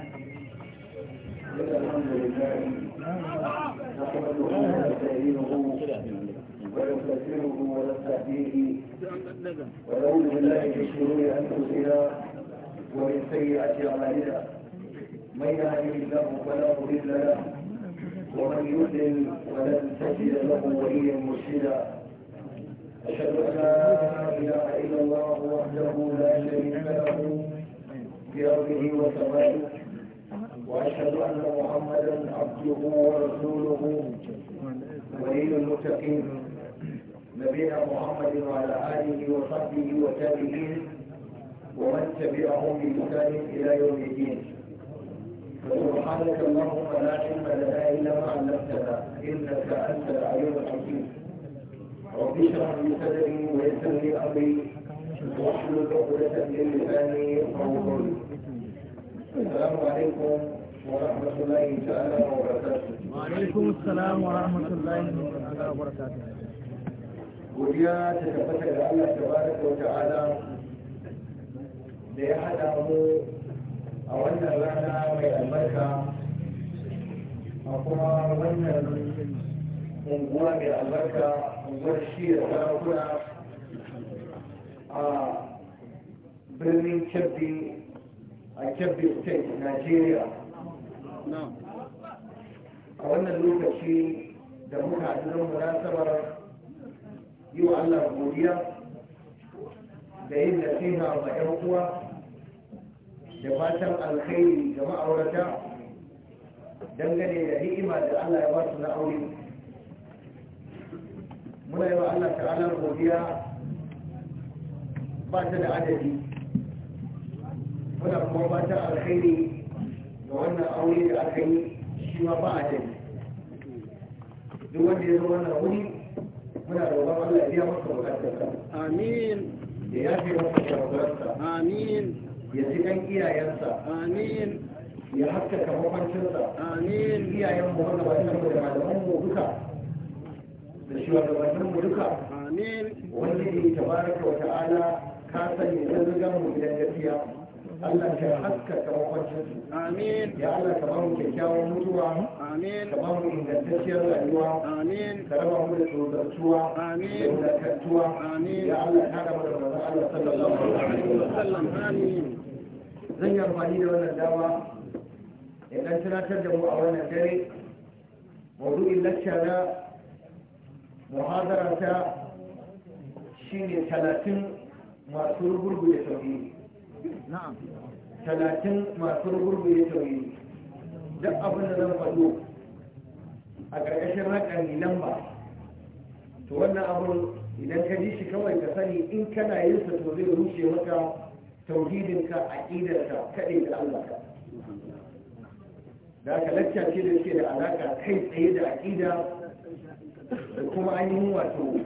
الحمد لله نحمده ونستعينه ونستغفره ونستهديه ونعوذ بالله من شرور انفسنا ومن سيئات اعمالنا من يهده الله فلا مضل له ومن يضلل ولن تجد له وليا مرشدا اشهد ان لا اله الا الله وحده لا شريك له في ارضه وسمائه وأشهد أن محمدا عبده ورسوله ولي المتقين نبينا محمد وعلى آله وصحبه وتابعين ومن تبعهم بإحسان إلى يوم الدين فسبحانك اللهم لا علم لنا إلا ما علمتنا إنك أنت العليم الحكيم رب اشرح لي صدري ويسر لي أمري واحلل عقدة من لساني قولي السلام عليكم ورحمة الله وعليكم السلام ورحمة الله وبركاته godiya ta tabbata da Allah tabaraka wa ta'ala da ya hada a wannan rana mai albarka a kuma wannan unguwa mai albarka unguwar shi da a birnin kebbi a kebbi state nigeria a wannan lokaci da muka ajinan munasabar yi wa Allah godiya da yin nasiha ga 'yan uwa da fatan alkhairi ga ma'aurata dangane da ni'ima da Allah ya ba su na aure muna yi wa Allah ta'ala godiya ba ta da adadi muna kuma fatan alkhairi Da wannan aure da aka yi shi ma ba a jami duk wanda ya zo wannan wuri muna roƙon Allah ya biya masa bukatarsa amin da ya fi masa shawararsa amin ya ji kan iyayensa amin ya haskaka makwancinsa amin iyayen mu wanda ba mu da malaman mu duka da shugabannin mu duka amin wanda ya tabaraka wa ta'ala ka sani da rigan mu gidan gaskiya Allah ka haskaka makwancinsu amin ya Allah ka bamu kyakkyawan mutuwa amin ka bamu ingantacciyar rayuwa amin ka raba mu da tsotsattuwa amin da wadatattuwa amin ya Allah ka raba da manzon Allah sallallahu alaihi wasallam amin zan yi amfani da wannan dama idan dan tunatar da mu a wannan dare mawdu'in lacca na muhadara ta shine talatin masu rubutu da sauƙi. talatin masu ya tauye duk abin da zan faɗo a ƙarƙashin haƙari lamba to wannan abin idan ka ji shi kawai ka sani in kana yin sa to zai rushe maka tauhidinka ƙidarka kaɗai da Allah ka da aka lacca ce da ke da alaƙa kai tsaye da aƙida da kuma ainihin wato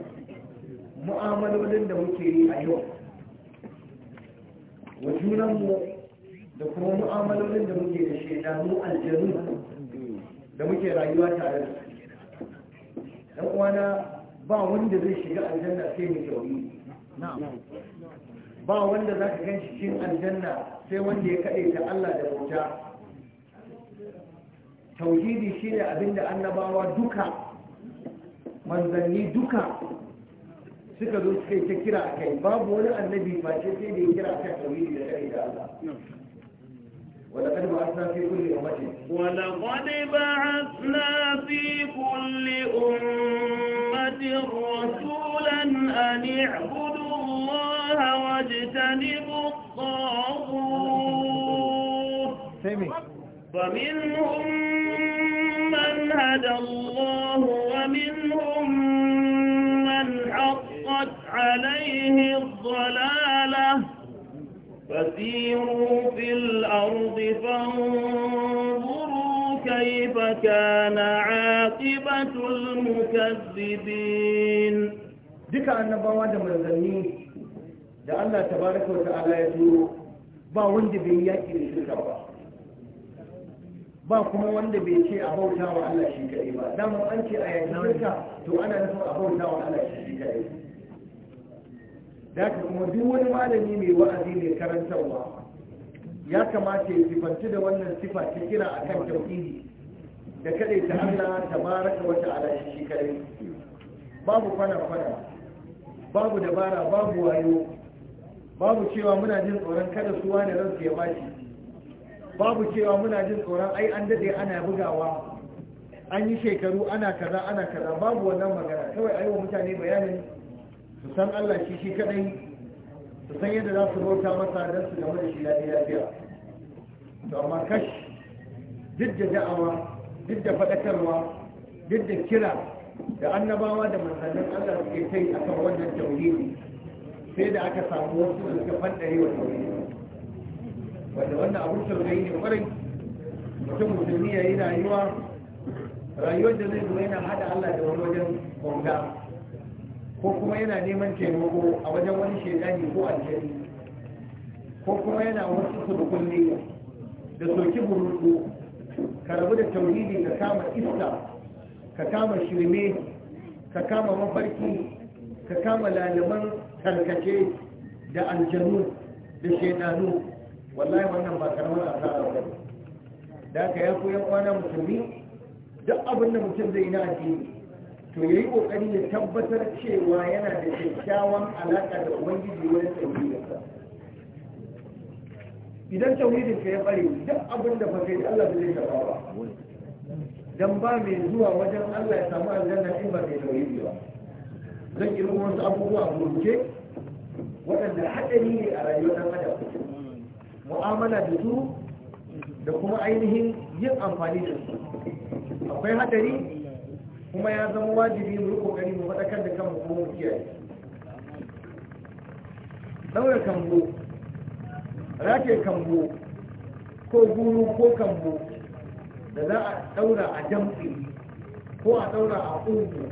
mu'amalolin da muke yi a yau wa junanmu da kuma mu'amalolin da muke da shaidanu aljanu da muke rayuwa tare da su dan uwana ba wanda zai shiga aljanna sai mai tauri ba wanda za ka gan cikin aljanna sai wanda ya kaɗe ta Allah da bauta tauhidi shi ne abinda annabawa duka manzanni duka suka zo suka yi ta kira a kai babu wani annabi ba ce sai da ya kira a kan tauhidi da shari'a da Allah ولقد بعثنا في كل أمة ولقد بعثنا في كل أمة رسولا أن اعبدوا الله واجتنبوا الطاغوت فمنهم من هدى الله ومنهم سبقت عليه الضلالة فسيروا في الأرض فانظروا كيف كان عاقبة المكذبين duka annabawa da manzanni da Allah tabaraka wa ta'ala ya turo ba wanda bai yaki da shirka ba ba kuma wanda bai ce a wa Allah shi kaɗai ba dama an ce a to ana nufin wa Allah shi da kuma duk wani malami mai wa'azi mai karantarwa ya kamata ya sifanci da wannan sifa ta kira akan tauhidi da kadai ta Allah tabaraka wa ta'ala shi kare babu kwana kwana babu dabara babu wayo babu cewa muna jin tsoron kada su wani ransu ya bashi babu cewa muna jin tsoron ai an dade ana bugawa an yi shekaru ana kaza ana kaza babu wannan magana kawai ayi wa mutane bayanin su san Allah shi shi kadai su san yadda za su bauta masa don su game da shi daɗi lafiya to amma kash duk da da'awa duk da faɗakarwa duk da kira da annabawa da manzannin Allah suke a akan wannan tauhidi sai da aka samu wasu da suka fadare wa tauhidi wanda wannan abun tauhidi ne kwarai mutum musulmi ya yi rayuwa rayuwar da zai zo yana haɗa Allah da wani wajen ƙunga ko kuma yana neman taimako a wajen wani shekani ko aljani ko kuma yana wasu surukulle da soki burutu ka rabu da tauhidi ka kama iska ka kama shirme ka kama mafarki ka kama lalaman tarkace da aljanu da shekaru wallahi wannan ba karamar tsara ba da ka ya koyan kwana musulmi duk abin da mutum zai na addini to ya yi ƙoƙari ya tabbatar cewa yana da kyakkyawan alaƙa da ubangiji wurin tauhidinsa idan tauhidinka ya bare duk abin da ba da Allah zai karɓa ba dan ba mai zuwa wajen Allah ya samu aljanna in ba mai tauhidi ba zan kirmo wasu abubuwa a burke waɗanda haɗari ne a rayuwar ɗan adam mu'amala da su da kuma ainihin yin amfani da su akwai haɗari kuma ya zama wajibi mu yi kokari mu faɗakar da kanmu kuma mu kiyaye daura kambo rake kambo ko guru ko kambo da za a daura a jamfi ko a daura a ugu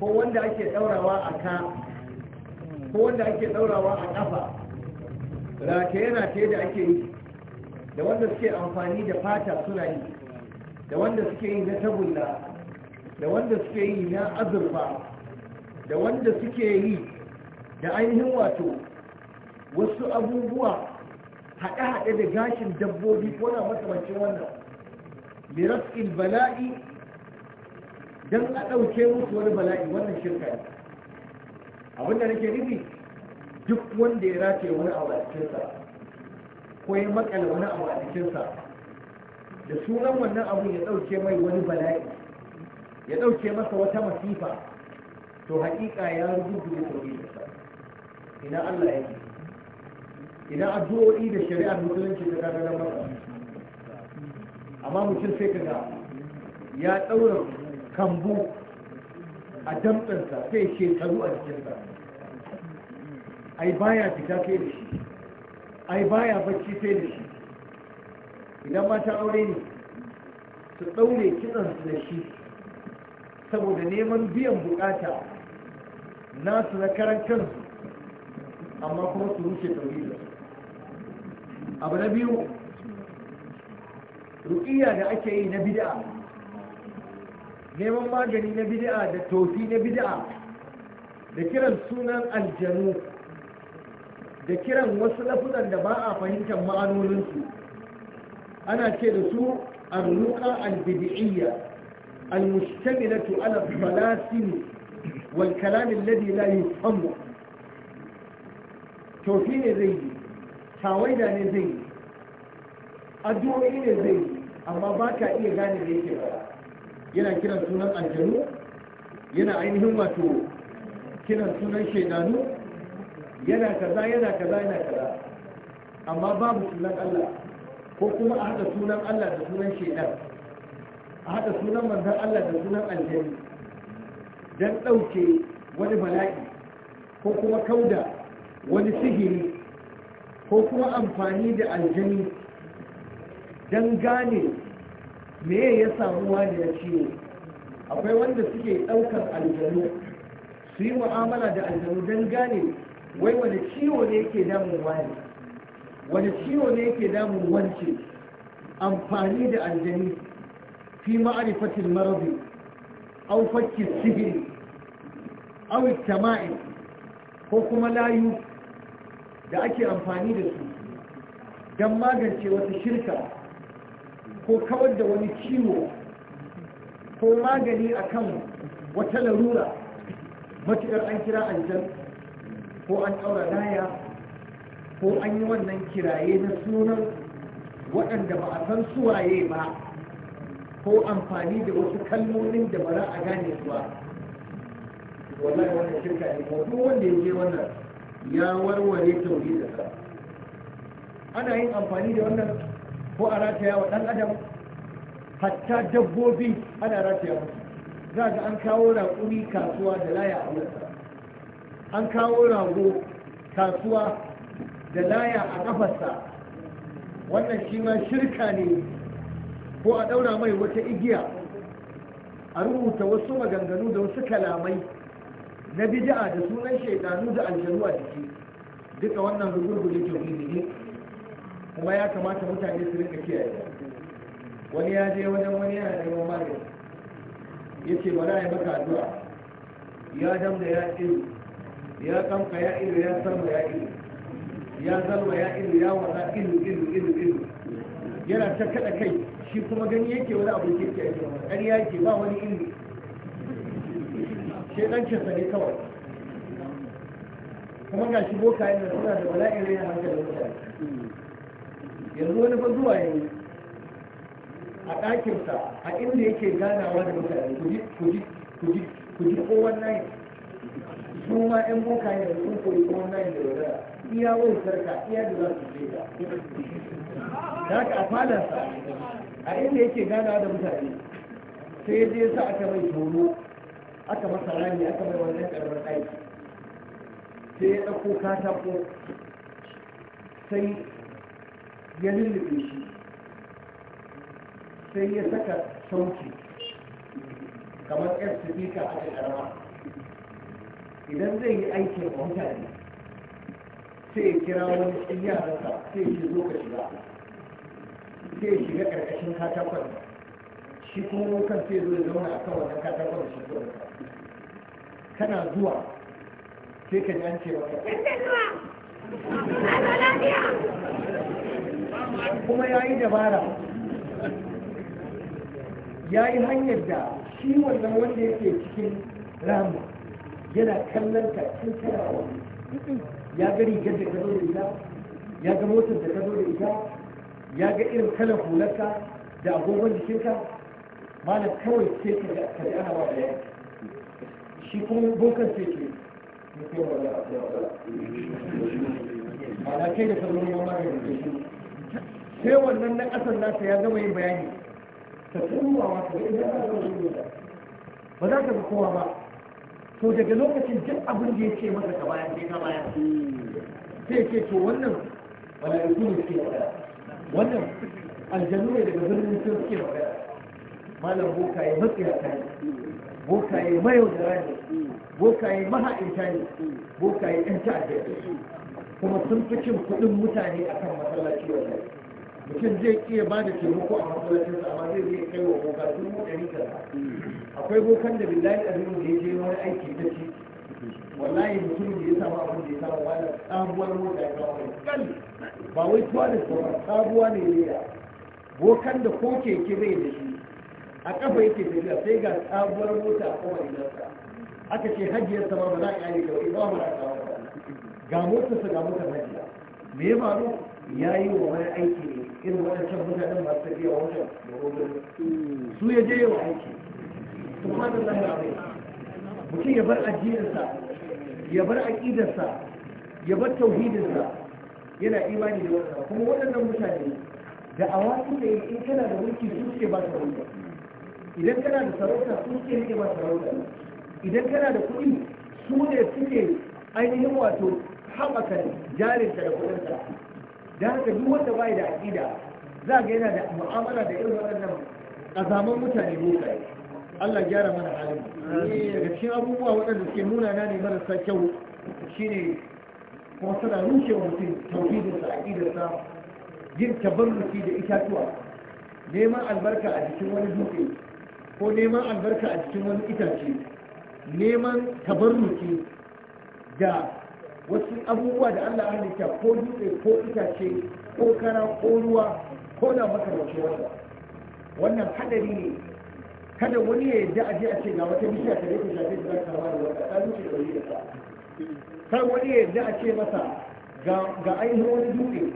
ko wanda ake daurawa a ka ko wanda ake daurawa a kafa rake yana ce da ake yi da wanda suke amfani da fata suna yi da wanda suke yi na tagulla da wanda suke yi na azurfa da wanda suke yi da ainihin wato wasu abubuwa haɗe-haɗe da gashin dabbobi ko na matsamancin wannan in bala'i don a ɗauke musu wani bala'i wannan shirka ne abinda nake nufi duk wanda ya rataye wani abu a cikinsa ko ya makala wani abu a cikinsa da sunan wannan abu ya ɗauke mai wani bala'i ya ɗauke masa wata masifa to haƙiƙa ya rubuta da tauhidinsa ina Allah ya ke? ina addu'o'i da shari'ar musulunci ta kaga nan masa amma mutum sai kaga ya ɗaura kambu a damɗinsa sai shekaru a jikinsa ai baya fita sai da shi ai baya bacci sai da shi idan mata aure ne su ɗaure kitsansu da shi saboda neman biyan bukata nasu na karan kansu amma kuma su rushe tauhidin abu na biyu ruƙiya da ake yi na bid'a neman magani na bid'a da tofi na bid'a da kiran sunan aljanu da kiran wasu lafuzan da ba a fahimtar ma'anoninsu ana ce da su arruka albidiyya المشتملة على الطلاسم والكلام الذي لا يفهم توفي ne zai yi tawaida ne zai yi addu'o'i ne zai yi amma ba iya gane da yake ba yana kiran sunan aljanu yana ainihin wato kiran sunan shaidanu yana kaza yana kaza yana kaza amma babu sunan Allah ko kuma a haɗa sunan Allah da sunan shaidan a haɗa sunan manzan Allah da sunan aljani don ɗauke wani bala'i ko kuma kauda wani sihiri ko kuma amfani da aljani don gane me ya samu wani ya ciwo akwai wanda suke ɗaukar aljanu su yi mu'amala da aljanu don gane wai wani ciwo ne yake damun wani wani ciwo ne yake damun wance amfani da aljani في معرفة المرض أو فك السهر أو التمائم حكم لا يوجد da ake amfani da su don magance wata shirka ko kawar da wani ciwo ko magani akan wata larura matuƙar an kira anjan ko an ɗaura laya ko an yi wannan kiraye na sunan waɗanda ba a san su waye ba ko amfani da wasu kalmomin da ba za a gane su ba wallahi wannan shirka ne ko duk wanda ya je wannan ya warware tauhidin sa ana yin amfani da wannan ko a rataya wa dan adam hatta dabbobi ana rataya musu za ga an kawo raƙumi kasuwa da laya a wurinsa an kawo rago kasuwa da laya a ƙafarsa wannan shi ma shirka ne ko a ɗaura mai wata igiya a rubuta wasu maganganu da wasu kalamai na bid'a da sunan shaidanu da aljanu a jiki duka wannan da tauhidi ne kuma ya kamata mutane su rinka kiyaye wani ya je wajen wani yana da yawan magani ya ce bala ya maka addu'a ya damda ya iri ya kamka ya iri ya sarma ya iri ya zalma ya iri ya wata iri iri iri ilu yana ta kada kai shi kuma gani yake wani abu ke ke ƙarya ke ba wani ilimi shedancin sa ne kawai kuma ga shi boka yana suna da bala'in rai a hankali mutane yanzu wani ba zuwa yanzu a ɗakinsa a inda yake ganawa da mutane ku ji ku ji ku ji ku ji kowan nayi su ma 'yan boka yana sun koyi kowan nayi da wadara iya wani sarka iya da za su je da haka a fadarsa a inda yake gana da mutane sai ya je sa aka mai tono aka masa rami aka mai wannan karamar aiki sai ya ɗauko katako sai ya lullube shi sai ya saka sauki kamar yan sifika a ƙarama idan zai yi aiki a mutane sai ya kira wani yaransa sai ya ce zo ka shiga zai shiga ƙarƙashin katakon shi kuma wukan sai zo zauna a kan wannan katakon da shi zuwa kana zuwa sai ka ji an ce maka kuma ya yi dabara ya yi hanyar da shi wannan wanda yake cikin rama yana kallon ka cikin ya gari rigar da ka zo da ita ya ga motar da ka zo da ita ya ga irin kalan hularka da agogon jikinka malam kawai sai ka ga ka ana ba bayani shi kuma bokan sai ke ma'ana kai da sauran ma magani sai wannan na ƙasar nasa ya gama yin bayani ta tsumawa ta idan ka zama yin ba za ka ga kowa ba to daga lokacin duk abin da ya ce masa ka bayan sai ka bayan sai ce to wannan wala yakunu ke da. wannan aljanu ne daga birnin sun suke malam bokaye matsiyata ne bokaye mayaudara ne bokaye maha'inta ne bokaye yan ta'adda ne kuma sun fi cin kuɗin mutane a kan masallaci wannan mutum zai iya ba da taimako a masallacinsa amma zai zai kai wa boka sun mu ɗari kaza akwai bokan da billahi ɗari da ya je wani aiki ta ci wallahi mutumin da ya samu abin da ya samu wani sabuwar mota ya kawo kan ba wai tuwa da tsoron sabuwa ne ne da bokan da ko keke bai da shi a kafa yake tafiya sai ga sabuwar mota a kowane gidansa aka ce hajiyar sama ba za a yi kawai ba mu rasa ga motarsa ga motar hajiya me ya faru ya yi wa wani aiki ne irin waɗancan mutanen masu tafiya wajen da su ya je yau aiki subhanallahi alazim mutum ya bar addininsa ya bar aƙidarsa ya bar tauhidinsa yana imani da wata. kuma waɗannan mutane da awa suke yi in kana da mulki su suke ba sarauta idan kana da sarauta su suke rike ba sarauta idan kana da kuɗi su ne suke ainihin wato haɓaka jarinta da kuɗinsa da haka duk wanda bai da aƙida za ga yana da mu'amala da irin waɗannan azaman mutane mutane Allah gyara mana halin daga cikin abubuwa waɗanda suke nuna na ne marasa kyau shine kuma suna rushe wa mutum tauhidinsa aƙidarsa yin tabarruki da itatuwa neman albarka a jikin wani dutse ko neman albarka a jikin wani itace neman tabarruki da wasu abubuwa da Allah halitta ko dutse ko itace ko kara ko ruwa ko na makarwace wata wannan hadari ne kada wani ya yadda aje a ce ga wata bishiya ta da zaka ba da wata da wani da wani ya yadda a ce masa ga ainihin wani dutse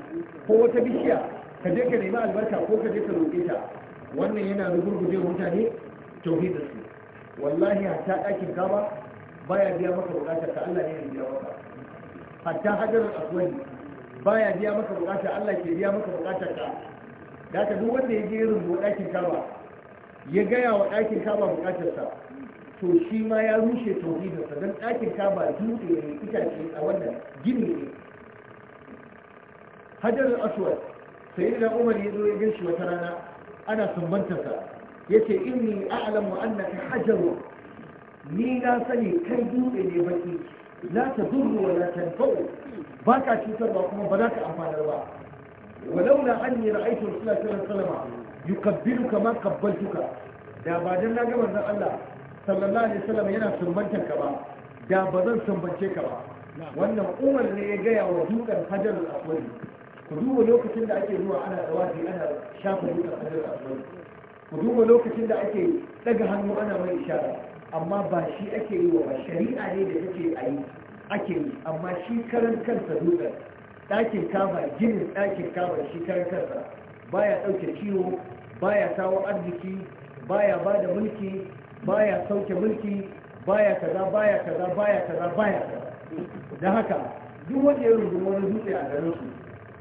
ko wata bishiya ka je ka nemi albarka ko ka je ka roƙe ta wannan yana rugurguje mutane tauhidin su wallahi hatta ɗakin kaba baya biya maka bukatar ka Allah ne ya biya maka hatta hajarar aswani baya biya maka bukatar Allah ke biya maka bukatar ka da ka duk wanda ya je rumbo ɗakin kaba ya gaya wa ɗakin kaba buƙatarsa to shi ma ya rushe tauhidinsa don ɗakin kaba dutse ne itace a wannan gini ne hajar aswad sai Ina umar ya zo ya gan shi wata rana ana sumbantarsa ya ce inni a'lamu annaka hajaru ni na sani kai dutse ne baki la ta zurru wa la tanfa'u ba ka cutarwa kuma ba za ka amfanar ba ولولا اني رايت رسول الله yukabbilu kama kabbaltuka da ba dan na ga manzon Allah sallallahu alaihi wasallam yana sumbantar ka ba da ba zan sumbance ka ba wannan umar ne ya gaya wa dukan hajar al ku duba lokacin da ake zuwa ana tsawafi ana shafa dukan hajar al ku duba lokacin da ake daga hannu ana mai ishara amma ba shi ake yi wa shari'a ne da take a yi ake yi amma shi karan kansa dukan ɗakin kama ginin ɗakin kama shi karan kansa baya ɗauke ciwo baya kawo arziki baya ba da mulki baya sauke mulki baya kaza baya kaza baya kaza baya kaza haka duk wanda ya rubu wani dutse a garin su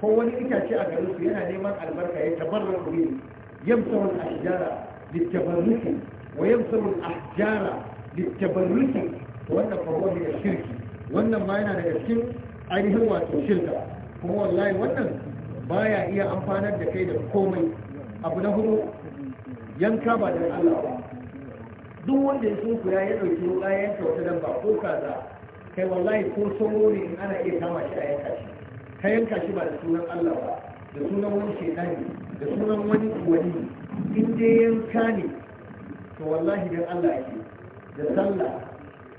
ko wani itace a garin su yana neman albarka ya tabarra kuri yamsa wani ashjara littabarruki wa yamsa wani ashjara littabarruki wannan wani daga shirki wannan ma yana daga cikin ainihin wato shirka kuma wallahi wannan baya iya amfanar da kai da komai abu na hudu yanka ba da Allah duk wanda ya sunku ya dauki wuka ya yanka wata ba ko kaza kai wallahi ko sauro ne in ana iya kama shi a yanka shi ka yanka shi ba da sunan Allah ba da sunan wani shedani da sunan wani wani in dai yanka ne to wallahi dan Allah ake da sallah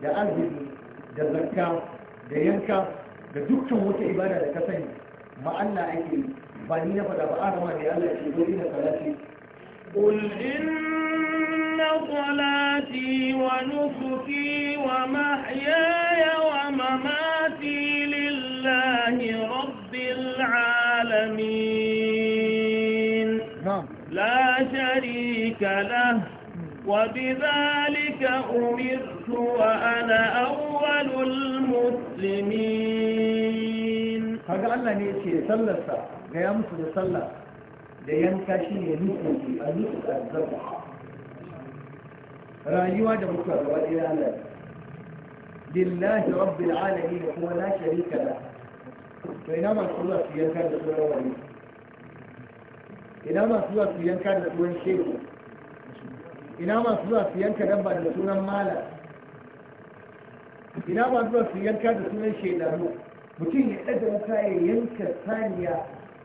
da azumi da zakka da yanka da dukkan wata ibada da ka sani ma Allah ake قل إن صلاتي ونسكي ومحياي ومماتي لله رب العالمين نعم. لا شريك له وبذلك أمرت وأنا أول المسلمين Allah ne ce sallarsa ga ya musu da sallar da yanka shi ne nufi a nufin a zarba rayuwa da mutuwa gaba ɗaya Allah lillahi rabbil da kuma la sharika la to ina masu zuwa su yanka da tsoron wani ina masu zuwa su yanka da tsoron shehu ina masu zuwa su yanka ba da sunan malam ina masu zuwa su yanka da sunan shehu mutum ya ɗaga wuta ya yanka saniya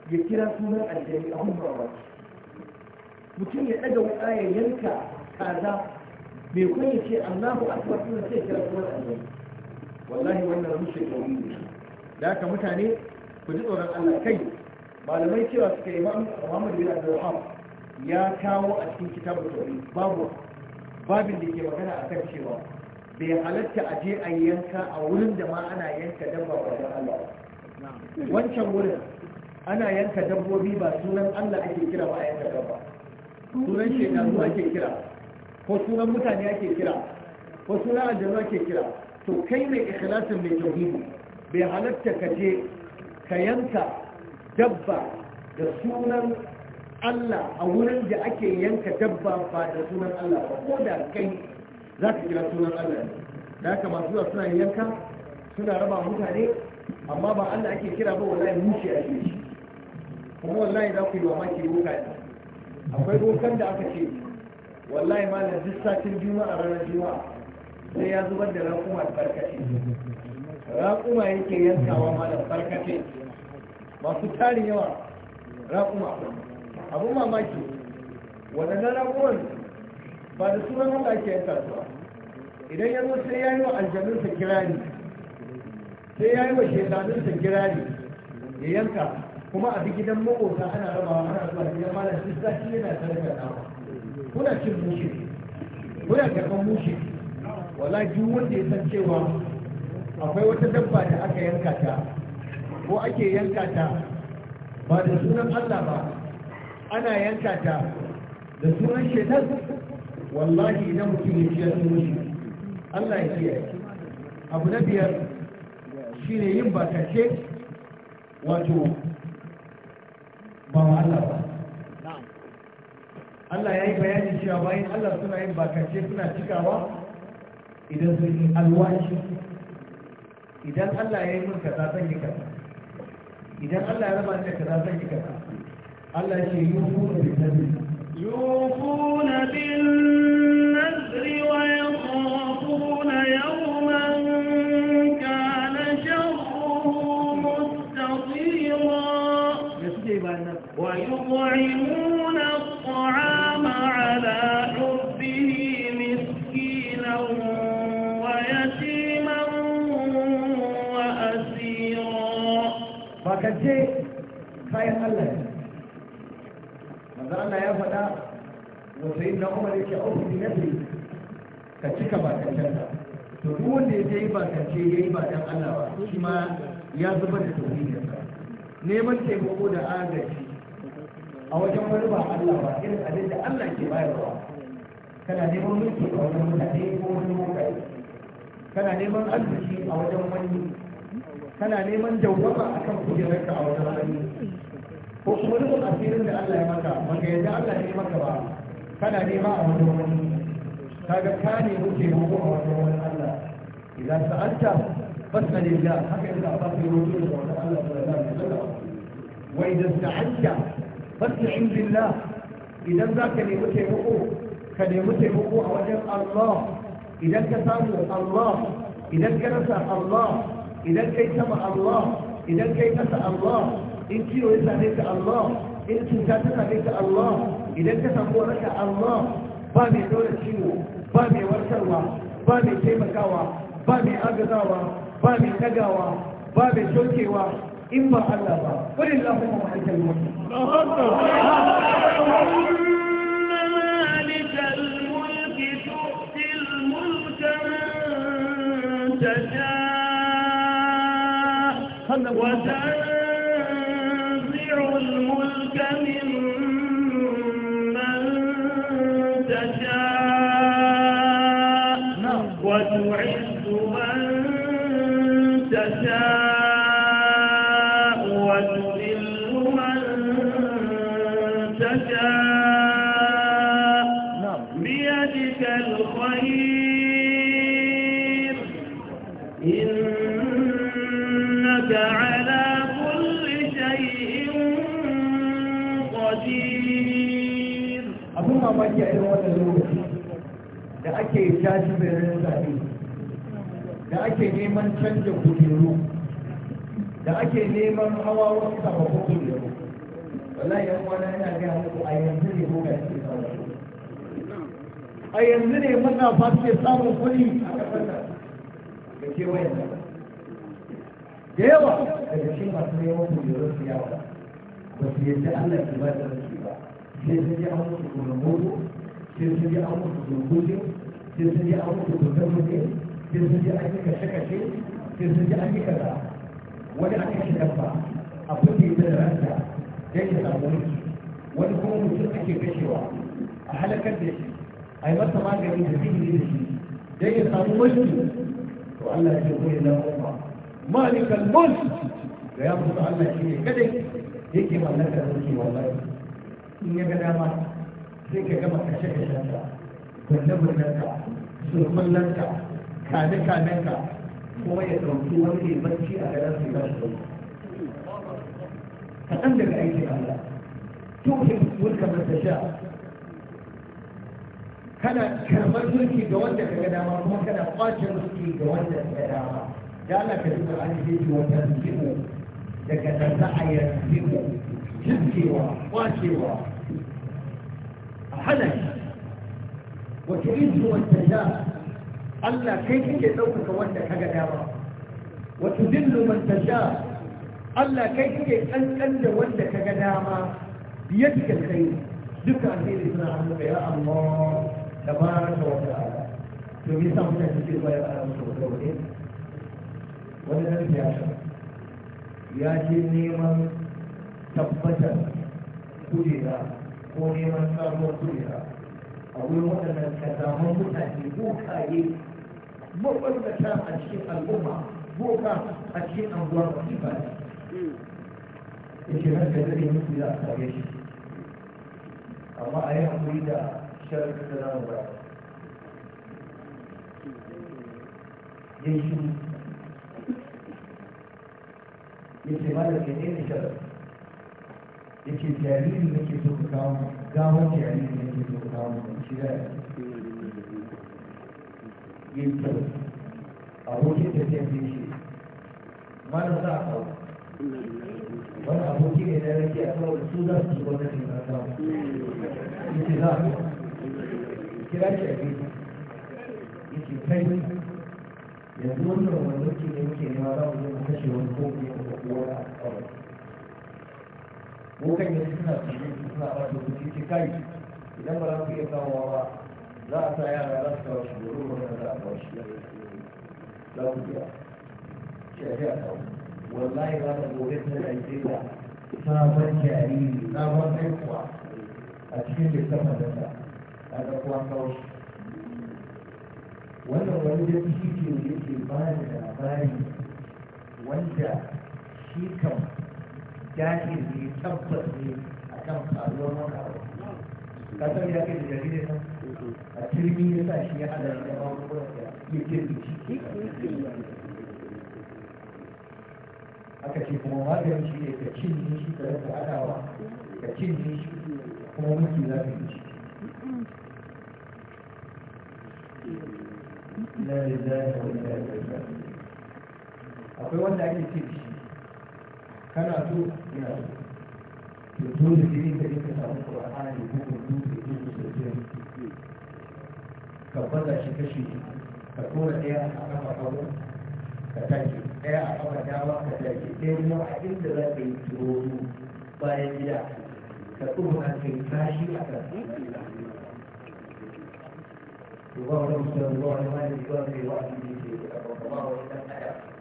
ya kira sunan aljani a hun mamaki mutum ya ɗaga wuta ya yanka kaza mai kun ya ce allahu akbar suna sai kira sunan aljani wallahi wannan rushe kauri ne da haka mutane ku ji tsoron allah kai malamai cewa suka yi muhammadu bin abdulrahman ya kawo a cikin kitabar tauri babu babin da ke magana a kan cewa bai halatta a je a yanka a wurin da ma ana yanka dabba wajen Allah wancan wurin ana yanka dabbobi ba sunan Allah ake kira ba a yanka dabba sunan shekaru ake kira ko sunan mutane ake kira ko sunan aljanu ake kira to kai mai ikhlasin mai tauhidi bai halatta ka je ka yanka dabba da sunan Allah a wurin da ake yanka dabba ba da sunan Allah ba ko da kai za ka kira sunan Allah da haka masu zuwa suna yanka suna raba mutane amma ba Allah ake kira ba wallahi mushi a shi kuma wallahi za ku yi wa maki roka akwai rokan da aka ce wallahi malam duk satin juma'a ranar juma'a sai ya zubar da raƙuma barkace raƙuma yake yankawa da barkace masu tarin yawa raƙuma abun mamaki waɗannan raƙuman ba da sunan Allah ke yin kasuwa idan ya zo sai ya yi wa aljanunsa kirani sai ya yi wa shekanunsa kirani ya yanka kuma a gidan makota ana rabawa ana zuwa gidan malam shi shi yana da dawa kuna cin mushe kuna karɓar mushe wala duk wanda ya san cewa akwai wata dabba da aka yanka ta ko ake yanka ta ba da sunan Allah ba ana yanka ta da sunan shaitan wallahi idan mutum ya ciyar da mushi Allah ya kiyaye abu na biyar shi ne yin bakance wato ba wa Allah ba Allah ya yi bayani cewa bayan Allah suna yin bakance suna cikawa idan sun yi alwashi idan Allah ya yi min kaza zan yi kaza idan Allah ya raba ni da kaza zan yi kaza Allah ya ce yi hu da bitan يوفون بالنذر ويخافون يوما كان شره مستطيرا ويطعمون الطعام على حبه مسكينا ويتيما وأسيرا faɗa wata yin na'umar yake auku da nafi ka cika bakancensa to duk wanda ya yi bakance ya yi ba Allah ba shi ma ya zubar da tauhidinsa neman taimako da agaji a wajen wani ba Allah ba irin abin da Allah ke bayarwa kana neman mulki a wajen mutane ko wani mutane kana neman arziki a wajen wani kana neman dawwama akan kujerarka a wajen wani ko kuma duk asirin da Allah ya maka baka yadda Allah ya maka ba kana nema a wani wani kaga ka ne muke mako a wani wani Allah idan sa'anta fasal lillah haka yadda Allah ya rubuta da wani Allah sallallahu alaihi wasallam wa idan sa'anta fasal billah idan zaka nemi taimako ka nemi taimako a wajen Allah idan ka samu Allah idan ka rasa Allah idan kai sama Allah idan kai kasa Allah انتو انت عليك الله انت انت عليك الله اذا انت تقولك الله بابي دولة شنو بابي ورسوا بابي تيمكوا بابي اقضاوا بابي تقاوا بابي شوكيوا اما الله با قل الله محيط المسلم وتنزع ake tashi bayan zaɓe da ake neman canja kujeru da ake neman hawa wasu da kujeru wallahi yan wani yana ga muku a yanzu ne ko ga ke a yanzu ne muna fasike samun kuɗi a ƙasar da kewayen da da yawa daga cikin masu neman kujeru su yawa ba su yadda Allah ke ba da rashi ba sai sun ji an kuma kurmudu sai sun ji an kuma kurmudu sai sun ji an mutu kusan mutu sai sun ji an yi kashe-kashe sai sun ji an yi kaza wani a kashe dabba a da ya da ranta ya ke samu mulki wani kuma mutum ake kashewa a halakar da shi a yi masa magani da sihiri da shi da ya samu mulki to Allah ya ce ko yana umma malikal mulk da ya mutu Allah shi ne kadai yake mallakar mulki wallahi in ya ga dama sai ka gama kashe-kashen sa gwanne-gwannenka surkullanka kane-kanenka kuma ya ɗauki wani ne barci a garin su gashi ba kaɗan daga aikin Allah tuhin mulka mata sha kana karɓar mulki ga wanda ka ga dama kuma kana ƙwace mulki ga wanda ka ga dama da Allah ka duba an yi ji wata jimu daga ɗansa a yanzu jimu jirgewa ƙwacewa a hana shi wace izu wata ja Allah kai kake ɗaukaka wanda ka ga dama wata dillu man tasha Allah kai kake kankan da wanda ka ga dama biyadda kai duka alheri suna hannu ya Allah tabaraka wa ta'ala to me yasa mutane suke zuwa ya fara musu wata wani wani nan ya sha ya je neman tabbatar kujera ko neman sabuwar kujera أقول مثلا كذا هم مثلا بوكا يجي بوكا مثلا أشيء الأمة بوكا أشيء أنظار كيفا إيش هذا الذي مثل لا أخرج أما أيها أريد شركة السلام عليكم يشوف يشوف هذا كثير yake jariri da ke so kawo gawar jariri da ke so kawo shi da yin kyau abokin shi mana za a kawo wani aboki ne na rage a kawo da su za su ke na yake za a kawo kira shi a yake kai yanzu wannan wanda ke ne muke nema za mu mu kashe wani ko kuma a kawai ko kan yi suna tsaye suna ba su kuɗi ke kai idan ba za su iya kawowa ba za a sa yara za su kawo shi goro wanda za a kawo shi za su biya shi a biya kawo wallahi za ka gobe ta Najeriya sabon jariri sabon haihuwa a cikin littafin da ta a ga kuwa kawo shi wannan wani da shi ke yake bani da labari wanda shi kan jahili tabbas ne a kan faruwar wani abu ka san ya kai da jarirai nan a turmi ya sa shi ya hada da magungunan kuma ya ke kirki shi aka ce kuma magani shi ne ka cin cinye shi ka rasa adawa ka cin cinye shi kuma mutu za ka yi shi akwai wanda ake ce kana so ina so to dole sai ka je ka samu qur'ani ko ko dole ko ko sai ka bada shi kashi ka kora ɗaya a kafa hagu ka tashi ɗaya a kafa dama ka tashi ɗaya kuma a inda za ka yi tsoro bayan gida ka tsoro ka yi tashi a kan وقال رسول الله عليه وسلم وأهله وأهله وأهله وأهله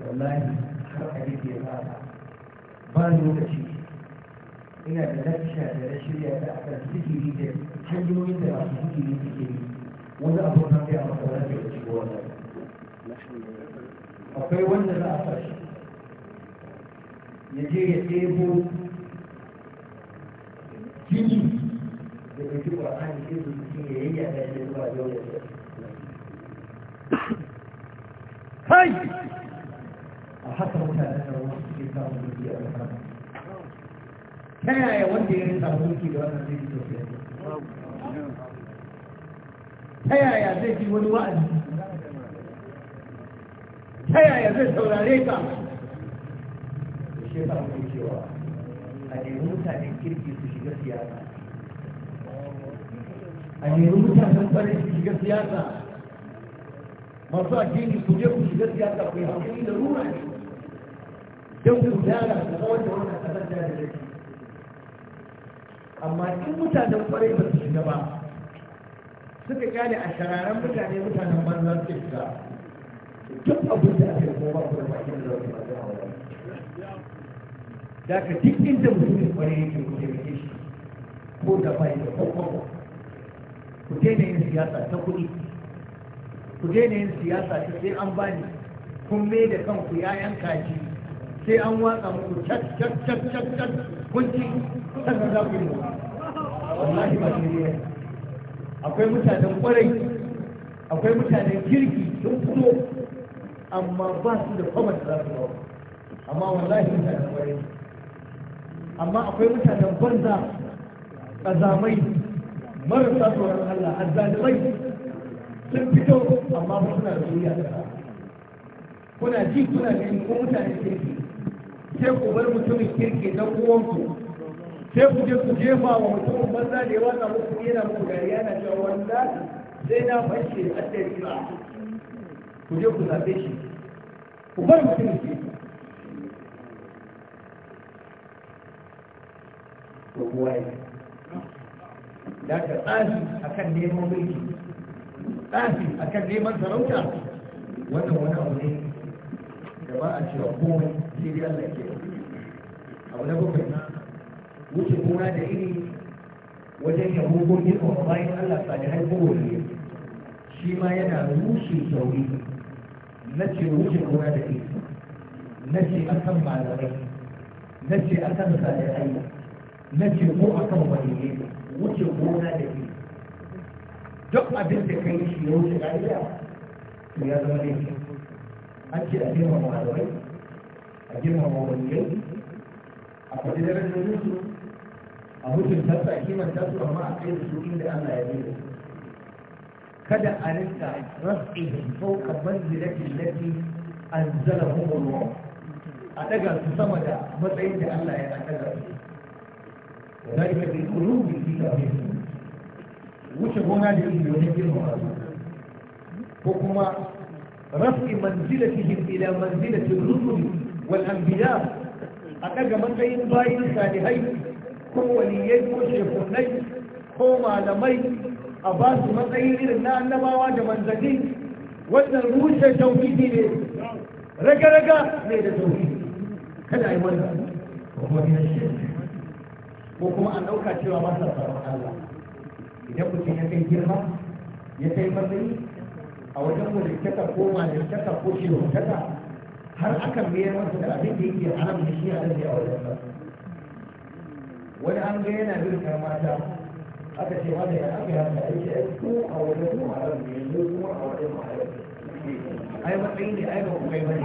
wallahi har a ba lokaci ina da da na shirya da aka zikiri da hanyoyin da masu suke yi wani abu na a da wannan akwai wanda za a sa ya je ya ɗebo jini da su cikin ya ya zuwa yau kai وحصل مشاهدة في كتاب المسيح والحركة كان يودي انا تقولك بأن في سوريا هيا يا زيتي والوأد هيا يا زيت سولاريكا الشيطان يقول شيئا أن يموت عن الكركي في شجر سياسة أن يموت عن الفرق في شجر سياسة مرضى جيني كجيكو شجر سياسة في حقيقي ضرورة don ku gyara ku wanda da wannan kasar da da yake amma in mutanen kwarai ba su shiga ba suka gane a shararen mutane mutanen banzan suke shiga duk abin da ake kuma ba ku da bakin da zai ba zai hawa da ka duk inda mutumin kwarai yake ku taimake shi ko da bai da kwakwa ku daina yin siyasa ta kuɗi ku daina yin siyasa ta sai an bani kun mai da kanku yanka kaji sai an watsa muku cat cat cat cat cat kunci sannan za ku yi wallahi ba shi ne akwai mutanen kwarai akwai mutanen kirki sun fito amma ba su da kwamar da za su ba amma wallahi mutanen kwarai amma akwai mutanen banza ƙazamai marasa tsoron Allah azzalimai sun fito amma ba suna da duniya kuna ji kuna ganin ko mutane ke ji. sai ku bar mutumin kirki na uwanku sai ku je ku jefa wa mutumin banza da ya watsa muku yana muku gari yana cewa wanda sai na fashe a riba ku je ku zaɓe shi ku bar mutumin kirki ko kuwa yi da ka tsafi akan neman mulki tsafi akan neman sarauta wannan wani abu ne da ba a cewa komai sai dai Allah ke abu na bakwai wuce gona da iri wajen yabo ko girma bayan Allah ba da haihuwa ne shi ma yana rushe sauri na ce wuce gona da iri na ce a akan malamai na ce a kan akan salihai na ce ko akan wani ne wuce gona da iri duk abin da kai shi ya wuce ƙa'ida to ya zama laifi an ce a girmama malamai a girmama waliyai a faɗi darajojin su a hutun tasa kiman tasu amma a kai su inda Allah ya nuna kada a rinka rafihin fauka manzilati lati anzalahu Allah a daga su sama da matsayin da Allah ya daga su za ذلك بالقلوب في تأويلهم وش هنا للمليونين في ko kuma. رفع منزلتهم إلى منزلة الرسل والأنبياء أدق من بين باين صالحين كو وليين كو ko كو a basu matsayin irin na da manzani, wannan rushe tauhidi ne raga-raga ne da tauhidi kada a yi wannan kuma ya shirka ko kuma an ɗauka cewa ba sa Allah idan mutum ya kai girma ya kai matsayi a wajen walittaka ko walittaka ko shehutaka har aka mayar masa da abin da yake haram da shi a da a wajen sa wani an ga yana bin mata aka ce ma da ya aka yasa aiki a ko a wajen mu haram ne ne ko a wajen mu haram ai matsayi ne ai ba kuma ba ne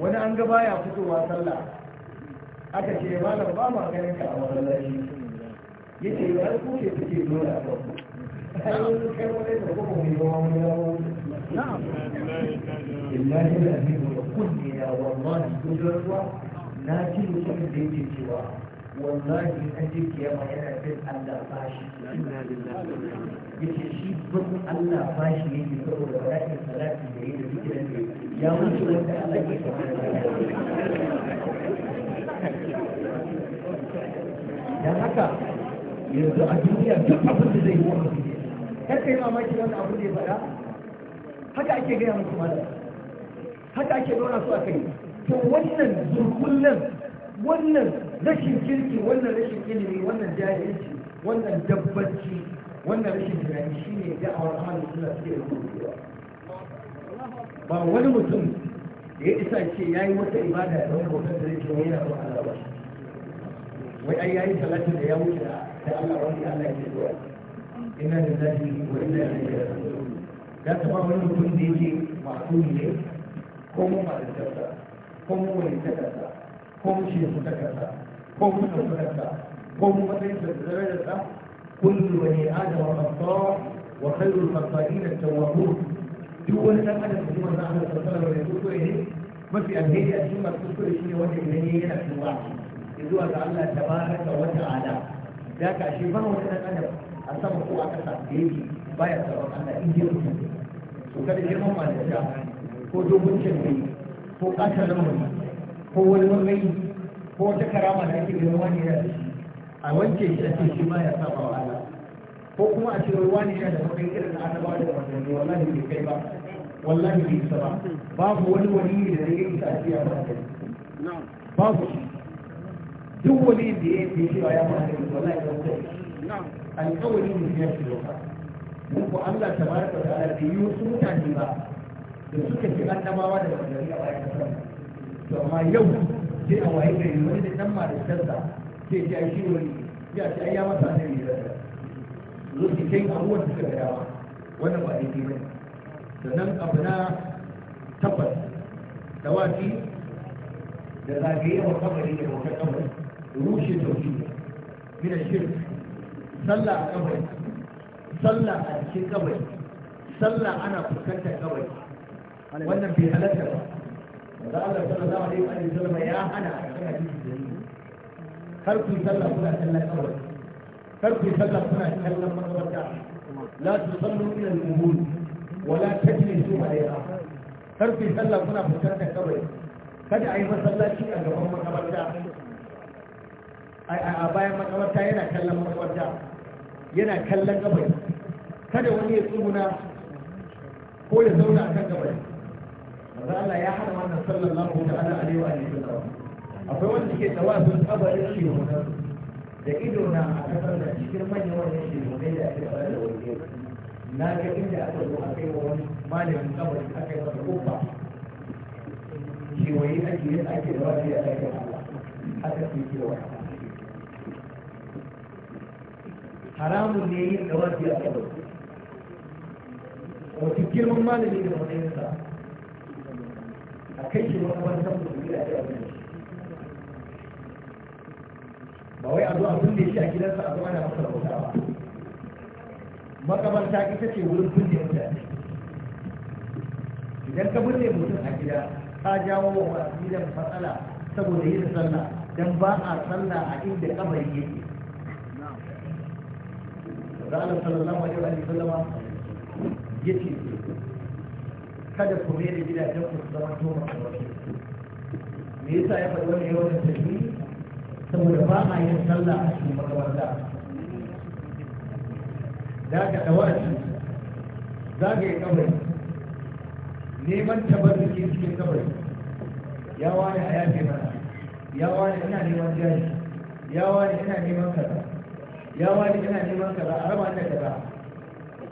wani an ga baya fitowa sallah aka ce malam ba ma ganin ka a masallaci yake ya ku ne suke dole a farko hanyoyin kai wani da kuma mai zama wani yawon illahi da aminu da kunne ya wallahi gudunar ruwa na ji mutumin da yake cewa wallahi an je kiyama yana bin Allah bashi yake shi bin Allah bashi yake saboda bala'in salati da yake da zikirin da ya mutu wanda Allah ke kamar da haka yanzu a duniya duk abin da zai yi wa kar kai mamaki wannan abin da ya faɗa haka ake gaya musu malam haka ake dora su a kai to wannan zurkullan wannan rashin kirki wannan rashin ilimi wannan jahilci wannan dabbanci wannan rashin tunani shine da'awar ahalin suna suke rubutewa ba wani mutum da ya isa ce ya yi wata ibada da wani hoton da zai ce yana son Allah ba wai ai yayi talatin da ya wuce da Allah wani Allah ya ce ina da zafi wa ina da zafi da ta wani mutum da yake masu ne ko mu da tabbata ko mu wani tabbata ko mu shi su tabbata ko mu ta ko mu matsayin da zare da ta kullu bani adam khata wa khairu khata'in tawwabun duk wani dan adam da manzo Allah sallallahu alaihi wasallam ya kuskure ne mafi alheri a cikin masu kuskure shine wanda idan yayi yana tuba zuwa ga Allah ta wata ala da ka shi ba wani na adam a sama ko a kasa da ba baya tsaron Allah in ji mutum to kada da malaka ko dogon shirme ko ƙasar mun ko wani mamayi ko wata karama da ake ganin wani ya shi a wanke shi ce shi ma ya saba wa Allah ko kuma a ce wani yana da mamayi irin annabawa da manzanni wallahi bai kai ba wallahi bai isa ba babu wani wani da zai yi isa a cikin babu shi duk wani da ya yi cewa ya fara da wani ya zama kai alƙawari ne ya fi doka mun ko Allah ta baraka da Allah bai yi wasu mutane ba da suka fi annabawa da manzanni a bayan kasar to amma yau sai a waye gari wani da dan sassa, sai ya shi wani ya ce ai ya masa da ne da zo ki kai abubuwan da suka dawa wannan ba a aiki ba sannan abu na tabbas dawaki da zagaye wa kabari da wata kabari rushe tauhidi min shirk sallah a kabari sallah a cikin kabari sallah ana fuskantar kabari wannan bai halatta ba da Allah sallallahu alaihi wa sallam ya hana a cikin hadisi kar ku sallah kuna sallah kabari kar ku sallah kuna kallon makabarta la tusallu ila al-qubur wala tajlisu alaiha kar ku sallah kuna fuskantar kabari kada a yi masallaci a gaban makabarta a bayan makabarta yana kallon makabarta yana kallon gabai kada wani ya tsuguna ko ya zauna a kan gabai maza Allah ya hana wannan sallallahu ta'ala alaihi wa alihi wasallam akwai wanda sun tawafin da shi da ido na a kasar da cikin manyan wani shi ne da ake fara da wani na ga inda aka zo a kai wa wani malamin kabarin aka yi masa kofa kewaye ake ake da wani ya ake Allah haka sai kewaye haramun ne yin wajen a a wato girman malami da matsayinsa a kai shi wani wani samun da gida a abin shi ba wai a zo a bunne shi a gidansa a zama na masa rahota ba makabarta ita ce wurin bunne mutane idan ka bunne mutum a gida ka jawo wa gidan matsala saboda yin sallah don ba a sallah a inda kamar yake Allah sallallahu alaihi wa sallam yace kada ku mai da gidajen ku zama to makawarki me yasa ya faɗi wani yawan tafi saboda ba a yin sallah a cikin makabarta da ka dawaci zagaye kabari neman tabarruki cikin kabari ya wani a yafe mana ya wani ina neman jari ya wani ina neman kaza ya wani kana neman kaza a raba ta kaza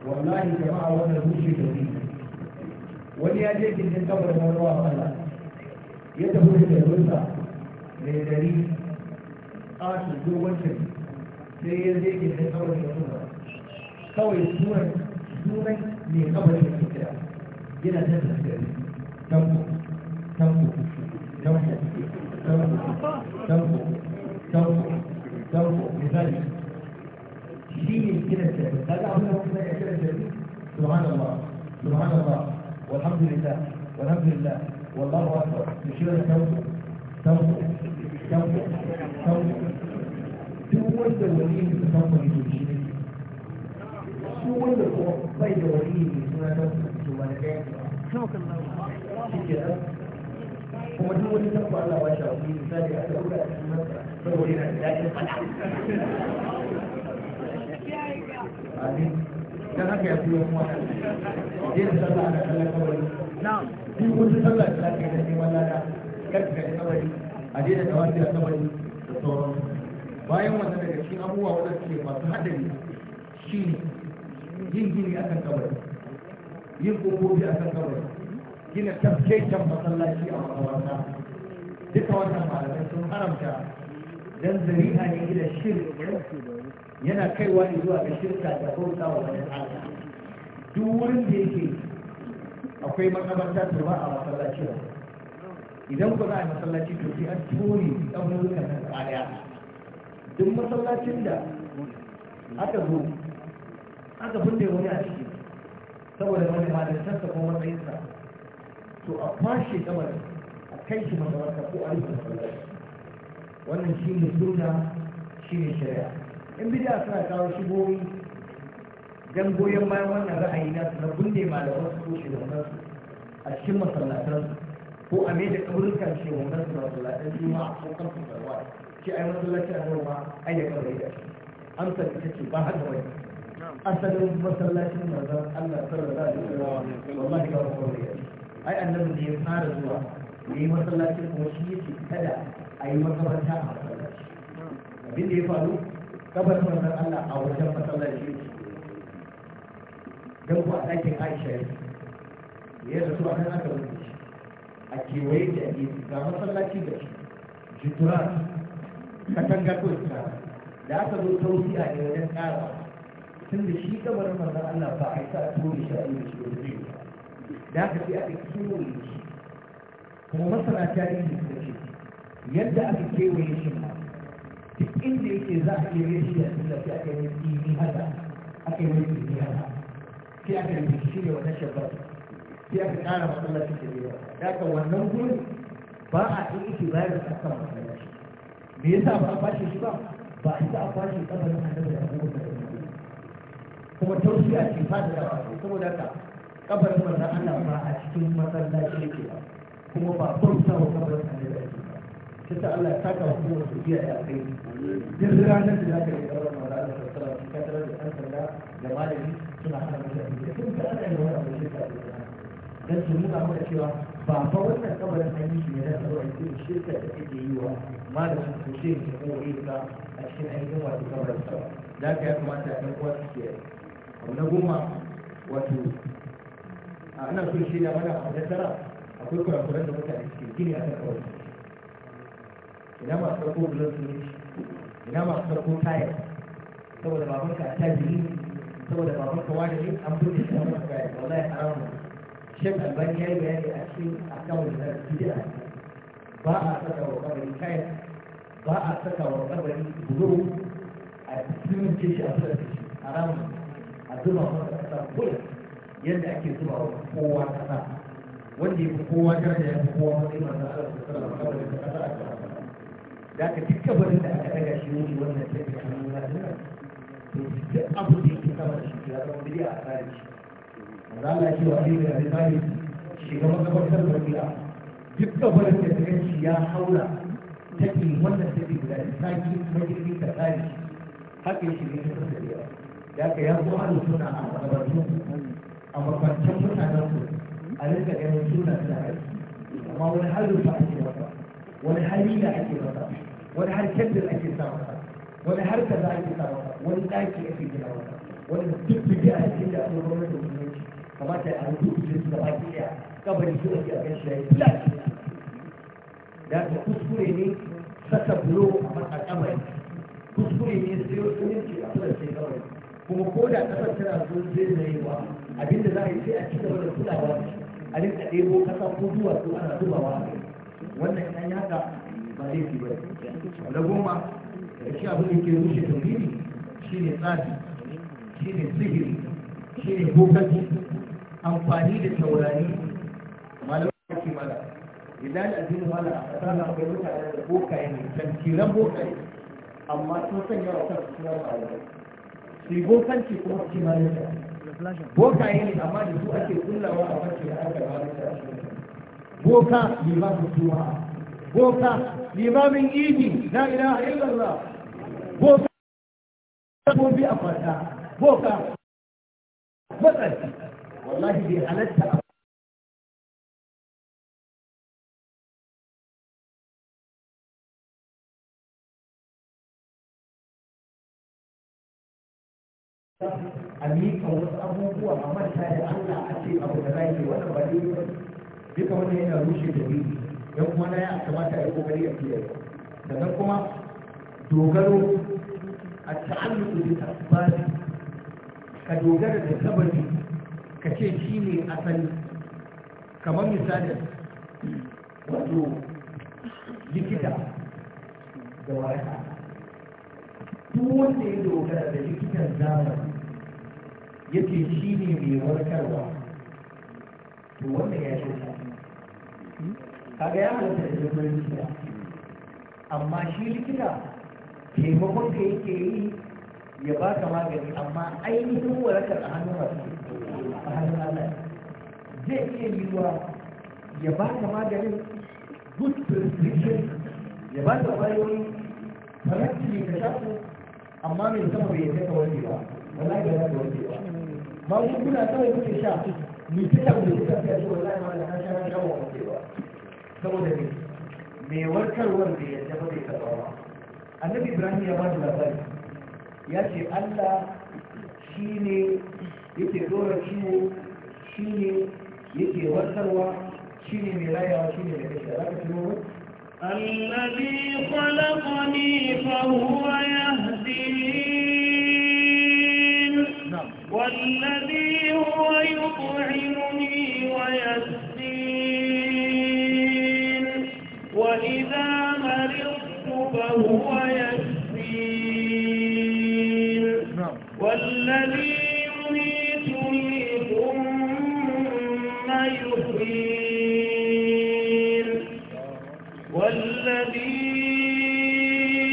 wallahi jama'a wannan rushe da ni wani ya je gindin kabar na ruwa Allah ya tafi da rusa mai dari a su dogon sai ya je gindin kabar da ruwa kawai sunan sunan ne kabar da kira yana da tsari tanko tanko tanko tanko tanko tanko tanko misali شيل كده الشيء ده عمل كده كده سبحان الله سبحان الله والحمد لله والحمد لله والله اكبر تشيل التوبه توبه توبه توبه شو وين الوليد في التوبه اللي شو وين الوقت الوليد في التوبه شو هو دي على وجهه وفي مثال الاولى في المسرح ya fi da sallah da kallon kabari na'am da zaka yi da neman lada a da da bayan wanda daga cikin abubuwa wanda suke masu hadari ne, yin gini akan kabari yin kokobi akan kabari gina tafkeken masallaci a makabarta duka wannan malamai sun haramta dan zari'a ne ila shirk yana kaiwa ne zuwa ga shirka da bauta wa wani Allah duk wurin da yake akwai makabarta to ba a masallaci ba idan ku za a masallaci to sai an tone tsaunukan nan tsariya duk masallacin da aka zo aka bunne wani a ciki saboda wani malintarsa ko matsayinsa to a kwashe kamarin a kai shi masallaci ko a yi masallaci wannan shi ne sunna shi ne shari'a in bid'a suna kawo shigowi don goyon bayan wannan ra'ayi na su na gunde malaman su ko shugaban su a cikin masallatan su ko a mai da kaburukan shugaban su masallatan juma'a ko kan su barwa shi yi masallaci a noma a da kawai da shi amsar ta ce ba da wani asalin masallacin manzon Allah sallallahu alaihi wasallam wallahi ba kawai da shi ai annabi ne ya fara zuwa ne masallacin kuma shi yake kada a yi makabarta a masallaci abin da ya faru kabarin manzon Allah a wajen matsalar masallaci don ku a ɗakin Aisha ya yi. rasu a kan aka rubuta shi a kewaye da ake ga masallaci da shi jiturat katangar kusa da aka zo tausiya ne wajen ƙara tun da shi kabarin manzon Allah ba a yi sa a tone shi a yi da shi wani zai da aka sai aka kewaye shi kuma masana tarihi da ce yadda aka kewaye shi ma duk inda yake za a iya rashi da suna sai aka yi tsini haka aka yi tsini haka sai aka yi shi ne wannan shabbat sai aka kara masallaci da yawa da ka wannan gurin ba a yi iki bayan a kan masallaci me yasa ba a bashi shi ba ba a yi a fashe kabarin annabi da abubuwan da kuma taushiya ce fata da wato saboda haka kafar manzon Allah ba a cikin masallaci ke ba kuma ba bauta wa kabarin annabi ta sa Allah ta kawo kuma wasu biya da kai duk ranar da zaka yi karar maza da ta tsara ka tarar da ɗan sanda da malami suna hana mutane da sun ta ana yin wani abu shi ta dan su nuna maka cewa ba fa wannan kabarin an yi shi ne da zuwa yin shirka da ake yi wa malamin ko shi ne ko yi ka a cikin ainihin wato kabarin sa da ka ya kamata ɗan uwa su ke abu na goma wato a ana so shi da mana a na akwai kurakuran da mutane suke gini a kan kabarin ina masu ɗauko bulon siminti ina masu ɗauko tayar saboda babanka a tajiri saboda babanka wani ne an bude shi a masa shek albani ya yi bayani a cikin akawun da ba a saka wa kabari kayan ba a saka wa kabari bulo a siminti shi a shi a zuba kasa kula yadda ake zuba wa kowa kasa wanda ya fi kowa ya fi kowa kasa a kasa da ka duk kabarin da aka daga shi wuce wannan sai da kan nuna dinnan to duk abu da yake sama da shi ya zama bidiya a tsari shi manzo Allah shi wa Ali bin Abi Talib shi ga makabartar Madina duk kabarin da ta shi ya haura take wannan take guda ta ki magirbi ta tsari shi haka shi ne ta tsariya da ka ya zo Allah suna a makabartu a makabartan mutanen su a rinka ganin suna suna aiki amma wani halin ba ake masa wani hali da ake masa wani har kendir ake sa masa wani har kaza ake sa masa wani ɗaki ake gina masa wani duk biki a cikin da aka gwamnati musulunci kamata a duk biki su da ba ki iya kabari su ake a kan shi yayi flat Ya ce kuskure ne saka bulo a kabari kuskure ne sai musulunci a kula sai kabari kuma ko da kasar tana so zai zai wa abinda za a yi sai a ci gaba da kulawa a rinka ɗebo kasa ko duwatsu ana zubawa a kai wannan ya yi haka ba ba na goma da shi abin da ke rushe tauhidi shi ne tsafi shi ne sihiri shi ne bokaci amfani da taurari malamai ke mala idan addini mala a ƙasar na akwai mutane da bokaye ne tantiran bokaye amma sun sanya wa kansu suna malamai su yi bokanci kuma su ci malamai bokaye ne amma da su ake kullawa a mace da aka yi malamai boka bai ba su tuwa boka لإمام إيدي لا إله إلا الله بوكا تقوم بأفرها بوكا بطل والله دي على التأفر أمي أو أبو هو أمر سائر الله أتي أبو نبيه ولا بديه بكم هنا روشي جديد yan kuma na ya kamata a yi kokari a fiye nan kuma dogaro a tafi ba asbabi ka dogara da sababi ka ce shi ne asali kamar misalin wato likita da waraka duk wanda ya dogara da likitan zamani yake shi ne mai warkarwa to wanda ya shi kaga ya halatta da zirgin likita amma shi likita taimakon ka yake yi ya ba ka magani amma ainihin warakar a hannun wasu a hannun Allah zai iya yiwuwa ya ba ka maganin good prescription ya ba ka bayoyi faranti ka sha amma mai sama bai yadda ka wani ba wala ga da wani ba magunguna kawai kuke sha ni ta tabbata kuka fiye da wala ma da na sha na sha wa ba saboda ne mai warkarwar da yadda ba zai taɓa annabi ibrahim ya bada labari ya ce allah shi ne yake dora ciwo shi ne yake warkarwa shi ne mai rayawa shi ne mai kashe za ka ciwo الذي خلقني فهو يهدين والذي الذي يميتني ثم يحيين والذي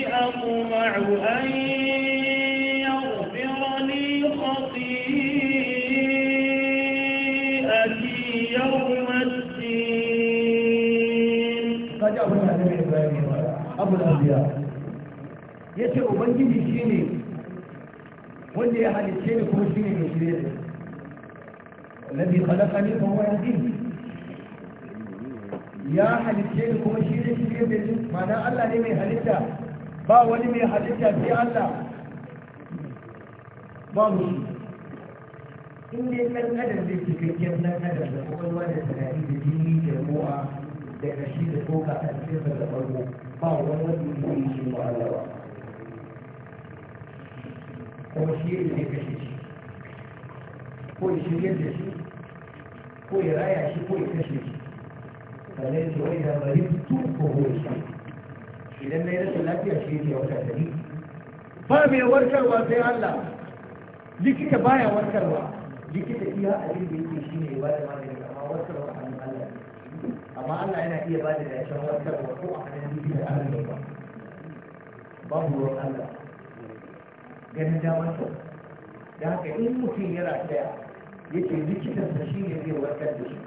أطمع أن يغفر لي خطيئتي يوم الدين فجأة النبي إبراهيم أبو الأنبياء يتي أبنجي بشيني wanda ya halicce ni kuma shi ne mai shirya da الذي خلقني فهو يهديني ya halitte ni kuma shi ne shirye da ni ma'ana Allah ne mai halitta ba wani mai halitta fi Allah ba mu shi in dai ɗan adam zai cikakken ɗan adam da kwakwalwa da tunani da jini da ruwa da kashi da tsoka a cikin da farko ba wani wanda ya yi shi ba Allah ba kuma shi yadda zai kashe shi ko ya shirya da shi ko ya raya shi ko ya kashe shi sannan ce wani da bari tun ko ko shi idan na yi rashin lafiya shi yake wata dari ba mai warkarwa sai Allah likita baya warkarwa likita iya abin da yake shi ne ba da magani amma warkarwa a Allah amma Allah yana iya ba da dashen warkarwa ko a hannun likita Allah ba babu ruwan Allah ganin damar sa da haka in mutum yana daya yake likitan sa shi ne zai warkar da shi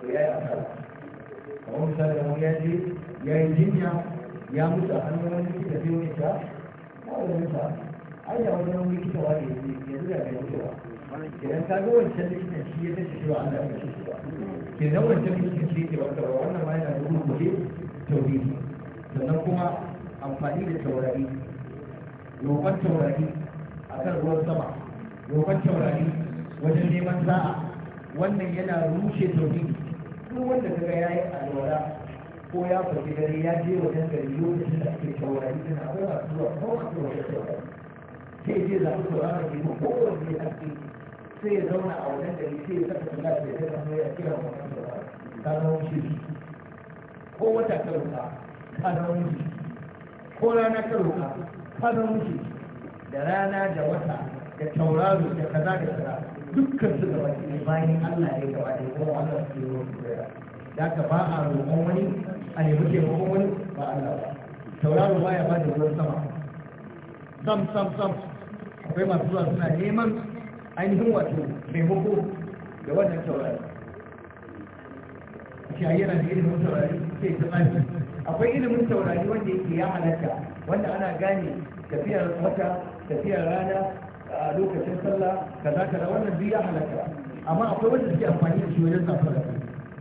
to ya yi asara kamar misali kamar ya je ya yi jinya ya mutu a hannun wani likita zai wani ta ba wani sa ai da wani wani likita wa ne yanzu da bai mutuwa idan ka ga wancan likitan shi ya tashi shi ba an da aka shi ba kenan wancan likitan shi ke warkarwa wannan ma yana da rubuce tauhidi sannan kuma amfani da taurari roƙon taurari a kan ruwan sama roƙon taurari wajen neman za'a wannan yana rushe tauri. duk wanda kaga ya yi alwala ko ya faɗi gari ya je wajen gari lokacin da ake taurari suna akwai masu zuwa ko masu wajen taurari sai je zaɓi taurari ne ko wanda ya ake sai ya zauna a wajen gari sai ya saka tula da ya saka ya kira wannan taurari ta zama shi ko wata karuka ta zama shi ko rana karuka kwanan wuce da rana da wata da tauraro da kaza da kaza dukkan su gaba ne bayan Allah ya gaba da ko Allah su yi wasu da da ka ba a roƙon wani a nemi taimakon wani ba Allah ba tauraro baya ba da ruwan sama sam sam sam akwai masu zuwa suna neman ainihin wato taimako da wannan tauraro shi a yana da ilimin taurari sai ta tsari akwai ilimin taurari wanda yake ya halatta wanda ana gane tafiyar wata tafiyar rana a lokacin sallah kaza kaza wannan biyu ya halaka amma akwai wanda suke amfani da shi wajen zafin da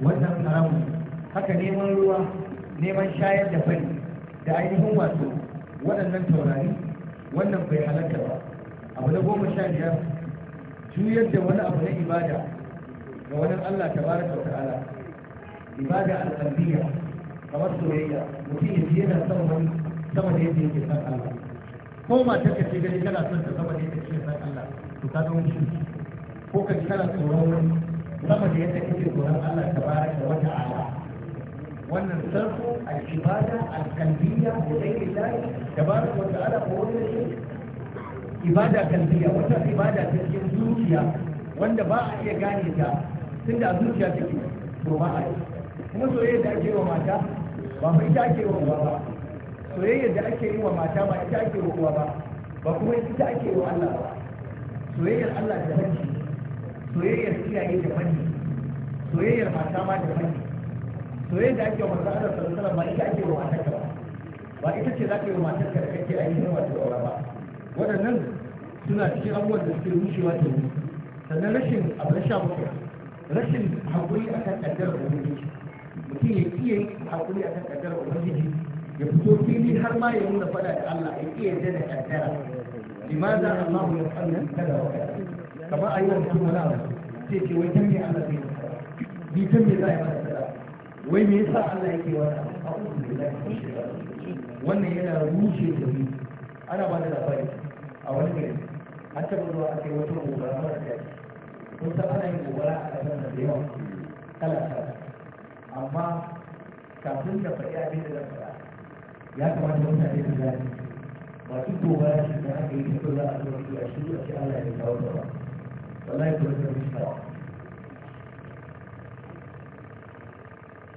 wannan haramun haka neman ruwa neman shayar da fari da ainihin wato waɗannan taurari wannan bai halarta ba abu na goma sha biyar juyar da wani abu na ibada ga wani Allah ta bara ta ta'ala ibada al'adiyya kamar soyayya mutum ya ji yana son wani sama da yadda yake san Allah ko ma ka kace gani kana son ta sama da yadda yake san Allah to ka zama shi ko ka kana tsoron wani sama da yadda kake tsoron Allah ta tabaraka wa ta'ala wannan sarfo al-ibada al-qalbiyya da yake lai tabaraka wa ta'ala ko wani shi ibada kalbiya wata ibada ta cikin zuciya wanda ba a iya gane ta tunda a zuciya take to ba a yi kuma soyayya da ake wa mata ba mai ita ake wa ba soyayyar da ake yi wa mata ba ita ake wa ba ba kuma ita ake wa Allah ba soyayyar Allah da hanci soyayyar iyaye da mani soyayyar mata ma da mani soyayyar da ake wa mata Allah sallallahu alaihi wasallam ba ita ake wa matarka ba ba ita ce za ka yi wa mata da kake ainihin wa aure ba waɗannan suna cikin abubuwan da suke rushewa ta wuri sannan rashin abu na sha bakwai rashin haƙuri akan ƙaddarar ubangiji mutum ya iya haƙuri akan ƙaddarar ubangiji ya fito fili har ma ya nuna fada da Allah ya iya yadda da kaddara limaza Allah ya fanna kada wa kamar a yi wa mutum wani abu sai ce wai tambaye Allah zai ni tambaye za a yi masa kaza wai me yasa Allah yake wani abu wannan yana rushe da ni ana ba da labari a wani gari an taɓa zuwa a kai wata gobara mara kai kun san ana yin gobara a ƙasar da yawa kala kala amma kafin da faɗi abin da zan faɗa ya kamata mutane su gane ba duk gobe ya shi da aka yi ta kula a zuwa a shi a shi Allah ya kawo ta ba wallahi ko da shi ta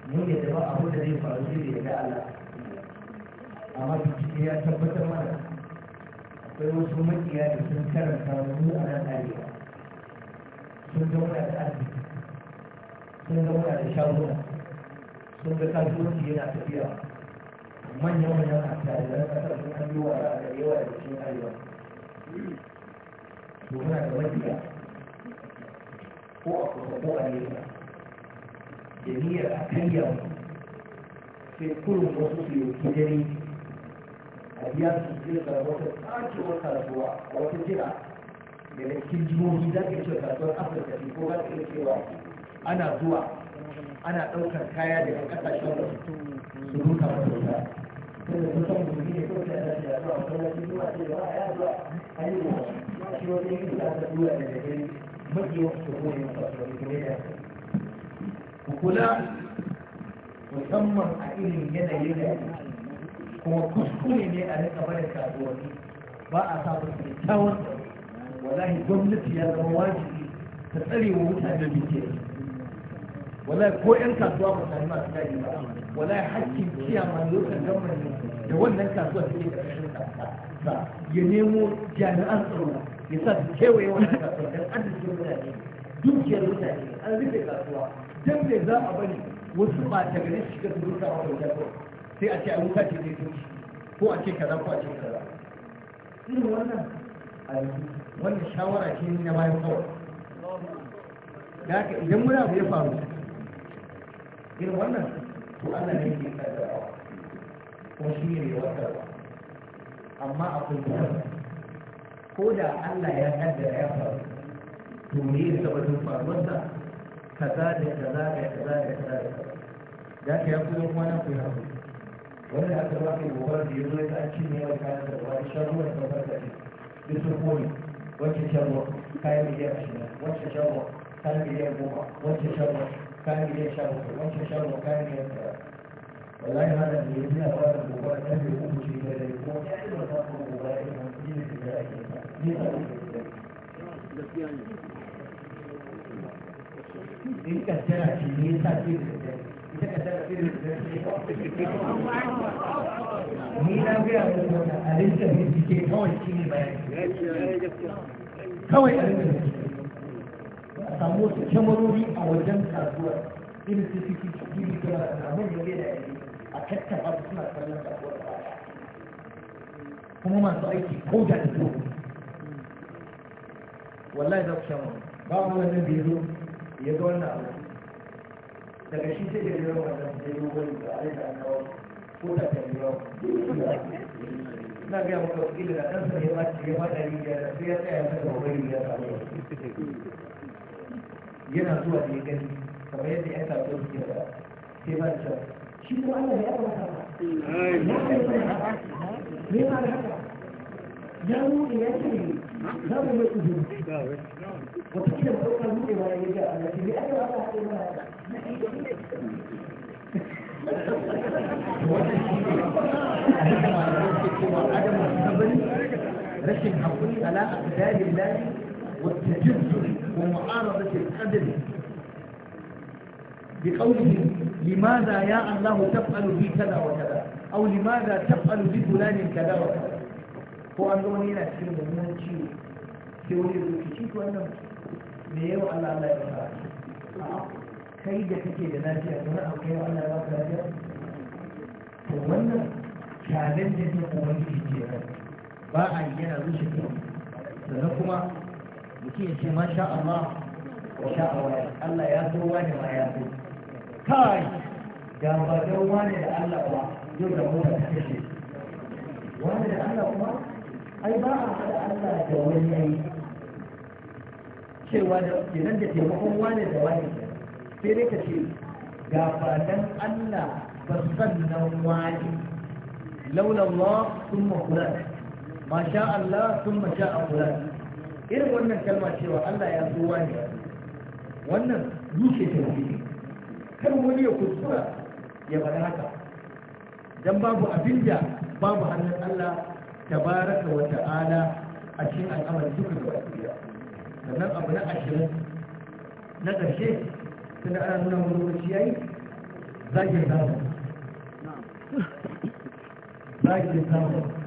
mun yadda ba abu da zai faru shi ne da Allah amma bincike ya tabbatar mana akwai wasu makiya da sun karanta mu a nan arewa sun ga muna da arziki sun ga muna da shaguna sun ga kasuwanci yana tafiya manyan manyan attajiran kasar sun an yi wa da yawa da cikin arewa to muna da mafiya ko a kusa ko a nesa da niyyar a karya sai kurin wasu su yanki dare a biya su su zirga wata tsakewar kasuwa a wata jira daga cikin jihohi za ka iya cewa kasuwar afirka ce ko za ka iya cewa ana zuwa ana ɗaukar kaya daga ƙasashen wasu su duka masu kula musamman a irin yanayi da kuma kuskure ne a rika bada kasuwanni ba a sa musu kyakkyawan wallahi gwamnati ya zama wajibi ta tsare wa mutane bincike wala ko yan kasuwa ba sami masu daji ba wala hakkin ciyaman lokacin gwamnati da wannan kasuwa take da rashin kasuwa ya nemo jami'an tsaro ya sa su kewaye wannan kasuwa don arzikin mutane dukiyar mutane an rufe kasuwa don me za a bari wasu ba ta gare su shiga su rusa a wajen sai a ce a wuta ce zai tuci ko a ce kaza ko a ce kaza irin wannan a wannan shawara ce na bayan kawai da haka idan muna abu ya faru irin wannan to Allah ne ke kaddarawa kuma shi ne mai wadarwa amma akwai mutum ko da Allah ya kaddara ya faru to ne ya sabbatin faruwarsa kaza da kaza da kaza da kaza da kaza da ka ya kuma kuma na ku ya haɗu wanda aka ba ka gobar da ya zo ya ta ci ne mai kayan da wani sharuwa da kafar da ke duk sun kone wancan sharuwa kayan miliyan ashirin wancan sharuwa kayan miliyan goma wancan sharuwa كان ليه شر وانت كان وكان يبدا والله هذا اللي يبني هذا الموبايل ده بيكون شيء كده يكون يعني لو تاخد موبايل وتجيب كده انت ترى كمية ita ka tara irin da ni na gaya muku a rinka bincike kawai shi ne bayani kawai a rinka bincike samu wasu kyamarori a wajen kasuwar irin su fi cikin da samun da da a tattaba su suna kallon kasuwar kuma masu aiki ko da ta zo wallahi za ku sha mawa ba mu wannan bai zo ya ga wannan abu daga shi sai da ya zama wannan da ya yi wani da alai da kawo ko da ta yi na gaya maka wakilin da ɗansa ya ba ta yi ba ɗari biyar da sai ya tsaya masa da wani ya samu yana zuwa da ya gani kamar yadda ya tafi da suke da sai ba da shan shi ko Allah ya ba ka ne ba da haka ya nuna ya ce za mu mai kudu wata kila ba ɗaukar nuna ba ya ga Allah ne aka ba ka haɗe mana rashin haƙuri ala akdari lafi والتجسر ومعارضة القدر بقوله لماذا يا الله تفعل بي كذا وكذا أو لماذا تفعل بي فلان كذا وكذا هو أن يكون هنا من شيء يقول لك شيء وأنا ليه على الله يرحمه كي جتك إلى نجاح ولا أوكي ولا لا كذا فوالله كان جدي قوي جدا باع mutum ya ce masha Allah wa sha Allah Allah ya so wani ma ya so kai da ba don wani da Allah ba yau da mota ta kashe wani da Allah kuma ai ba a haɗa Allah da wani yayi cewa da kenan da taimakon wani da wani sai dai ka ce ga fatan Allah ba sannan wani laula sun makula ma sha Allah sun ma sha irin wannan kalma cewa Allah ya so wani wannan rushe tauhidi kar wani ya kuskura ya bari haka dan babu abin da babu hannun Allah tabaraka wa ta'ala a cikin al'amarin duka gaba ɗaya sannan abu na ashirin na ƙarshe da ana nuna wani lokaci yayi zagin zamani zagin zamani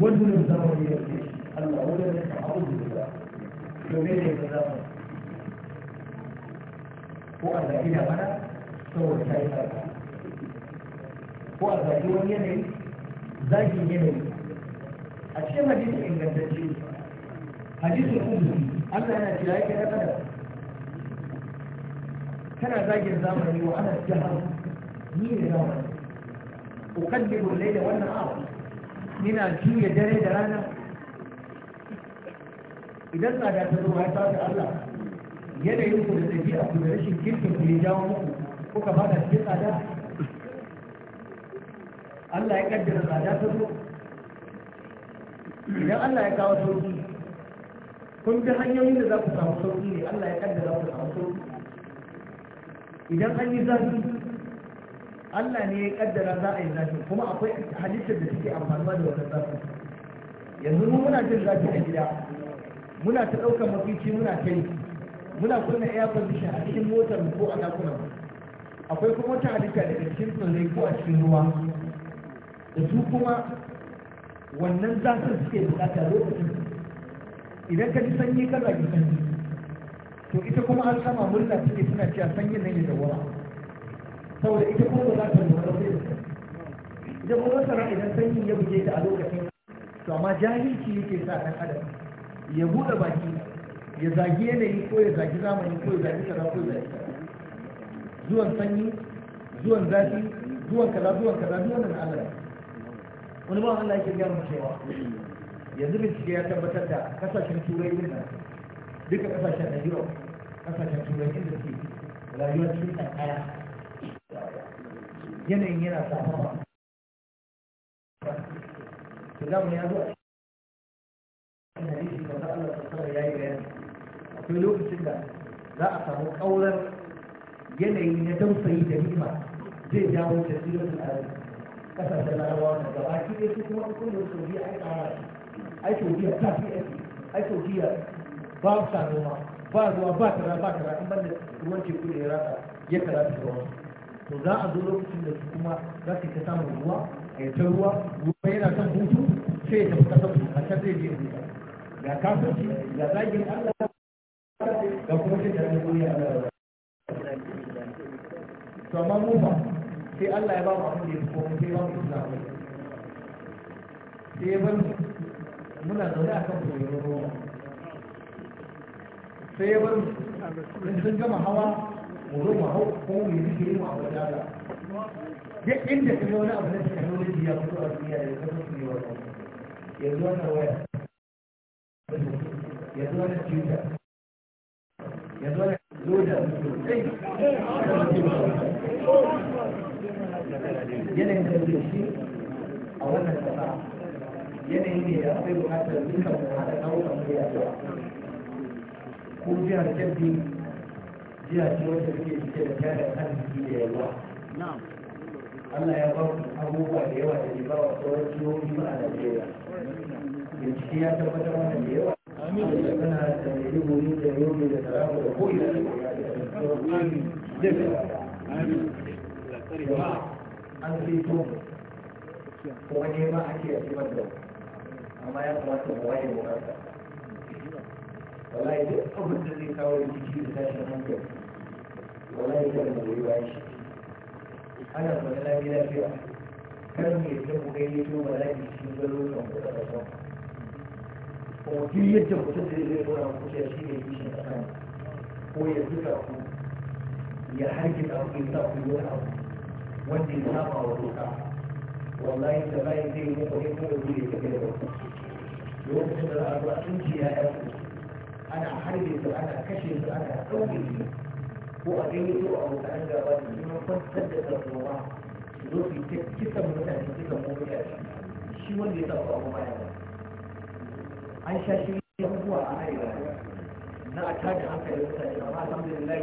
Wannan zama wani yanzu Allah wajen ya samu abu da domin ne ka zama ko a zaki da mana saboda ta yi sarka ko a zaki wani yanayi zaki yanayi a cikin hadisi ingantacce hadisin kudusi Allah yana cewa yake na kada kana zagin zamani wa ana jahar ni ne zamani أقدر wannan والنهار Nina juya dare da rana idan tsada ta zo haifa ta Allah yanayin ku da tafiya ku da rashin kirkin ku ya jawo muku kuka ba da cikin tsada Allah ya kaddara tsada ta zo idan Allah ya kawo sauki kun bi hanyoyin da za ku samu sauki ne Allah ya kaddara ku samu sauki idan an yi zafi Allah ne ya kaddara za a yi zafi kuma akwai halittar da suke amfani da wannan zafi yanzu mu muna jin zafi a gida muna ta ɗaukar mafici muna kai muna kunna air condition a cikin motar ko a dakunan akwai kuma wata halitta daga cikin tsirrai ko a cikin ruwa da su kuma wannan zafin suke bukata lokacin idan ka ji sanyi ka zagi sanyi to ita kuma an sama murna take suna cewa sanyin nan ya dawara saboda ita kuma ba za ta lura da sai ita kuma masara idan sanyi ya buge ta a lokacin to amma jahilci yake sa ɗan adam ya buɗe baki ya zagi yanayi ko ya zagi zamani ko ya zagi kaza ko ya zagi kaza zuwan sanyi zuwan zafi zuwan kaza zuwan kaza duk wannan Allah wani ba Allah yake gaya mu cewa yanzu bincike ya tabbatar da kasashen turai din nan duka kasashen na kasashen turai inda suke rayuwar cikin kankara yanayin yana safawa ba za ya lokacin da za a samu kaular yanayi na tausayi da hikima zai jawo da al'adu kasashen larabawa da gaba ki ne su kuma kuma da ai kara ai saudiya ta fi ai ba sa noma ba ruwa ba tara ba tara in ban da ruwan teku ya rasa ya da wasu to za a zo lokacin da su kuma za su ta samun ruwa a ta ruwa ruwa yana son hutu sai ya tafi kasar a can zai je hutu ga kafirci ga zagin Allah ga kuma shi da ruwa ya Allah to amma mu ba sai Allah ya ba mu abin da ya fi komai sai ya ba mu islamu sai ya bar muna zaune a kan koyon ruwa sai ya bar mu sun gama hawa gobe ma hau kuma mai zuke yi mu a duk inda ka wani abu na technology ya fito a duniya da ya su ne wa yanzu wannan waya yanzu wannan tuta yanzu wannan loda yanayin da shi a wannan sana'a yanayi ne da akwai bukatar dukkan mu haɗa nau'ukan mu yawa ko jihar kebbi jiya ce wanda suke cike da kayan arziki da yawa Allah ya ba abubuwa da yawa da ke ba wa sauran jihohi a Najeriya bincike ya tabbatar mana da yawa da kana da Maiduguri da Yobe da Taraba da ko'ina an fito kuma nema ake a cikin da amma ya kamata mu waye mu kansa wallahi duk abin da zai kawo rikici da tashin hankali wala ya kan goyi bayan shi ana zaune gida lafiya kar mu yadda mu gani to wala ya shi gano kan kuɗa da kan kuma duk yadda mutum zai zai zo ku ce shi ne kishin ƙasa ko ya zuka ku ya harkita ku ya sa ku yi wani abu wanda ya saba wa doka wallahi ta bayan zai yi muku ne kuma ku ya tafi da ku lokacin da za a zuwa sun ci ya ana harbe su ana kashe su ana ɗauke su ko a kan yi zuwa abokan gaba da neman kwantar da tsarkowa su zo su yi kisan mutane kisan mutane shi wanda ya taɓa abu baya ba an sha shi abubuwa a arewa na a tada hankalin mutane amma alhamdulillah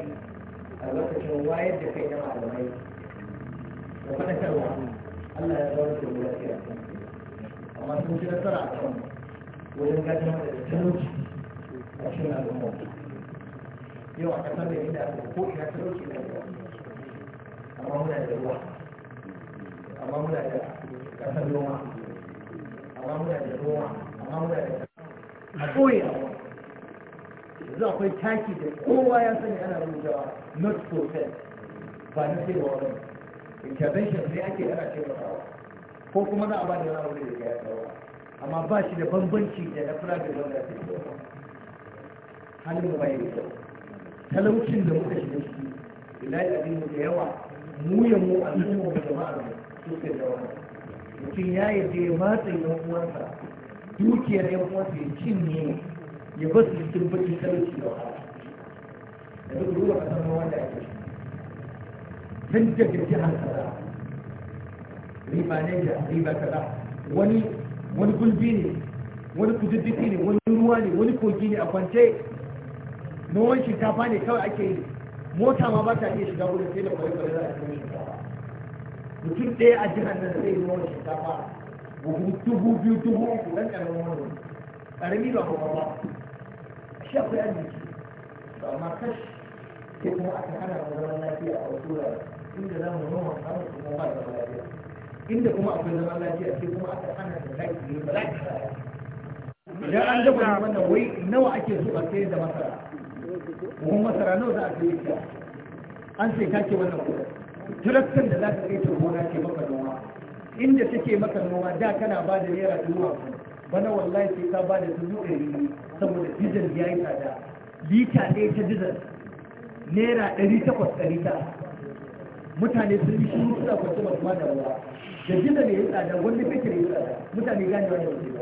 a lokacin wayar da kai na malamai da faɗakarwa Allah ya zama da mu lafiya amma sun ci nasara a kan wajen gajin da talauci a cikin al'umma yau a kasar da inda ko ina ta dauke da ruwa amma muna da ruwa amma muna da kasar noma amma muna da noma amma muna da a koya yanzu akwai taki da kowa ya sani ana rubutawa not for sale ba na sai wa wani intervention ne ake ana taimakawa ko kuma za a ba da wani abu da ya kawo amma ba shi da bambanci da na da wanda ya fi halin mu bai da kyau talaucin da muka shiga su ila ya abin da yawa mu ya mu a cikin mu da jama'a su ke da wani mutum ya yi da ya matsa yan uwansa dukiyar yan uwansa ya cinye ya ba su cikin bakin talauci da wahala da duk ruwa a sama wanda ake shi tun da an kaza riba ne da riba kaza wani wani gulbi ne wani kududdiki ne wani ruwa ne wani kogi ne a kwance noman shinkafa ne kawai ake yi mota ma ba ta iya shiga wurin sai da kwaye-kwaye za a kai shinkafa mutum ɗaya a jihar nan zai yi noman shinkafa buhu dubu biyu dubu uku ɗan ƙaramin wani ƙarami ba kuma ba shi akwai jiki ba amma kashi. sai kuma aka hana mu zaman lafiya a wasu wurare inda za mu noma samun kuma ba zaman lafiya inda kuma akwai zaman lafiya sai kuma aka hana da zaki ba za ka idan an dafa wannan wai nawa ake so a sayar da masara buhun masara nawa za a kai ta an sai kake wannan kuɗi turaktan da za ka kai ta gona ke maka noma inda take maka noma da kana ba da naira dubu hamsin bana wallahi sai ka ba da dubu ɗari saboda dizal ya yi tsada lita ɗaya ta dizal naira ɗari takwas ɗari ta. mutane sun yi shiru suna kwanci masu ma da ruwa da jina ne ya tsada wanda kake ne ya tsada mutane gane wani wajen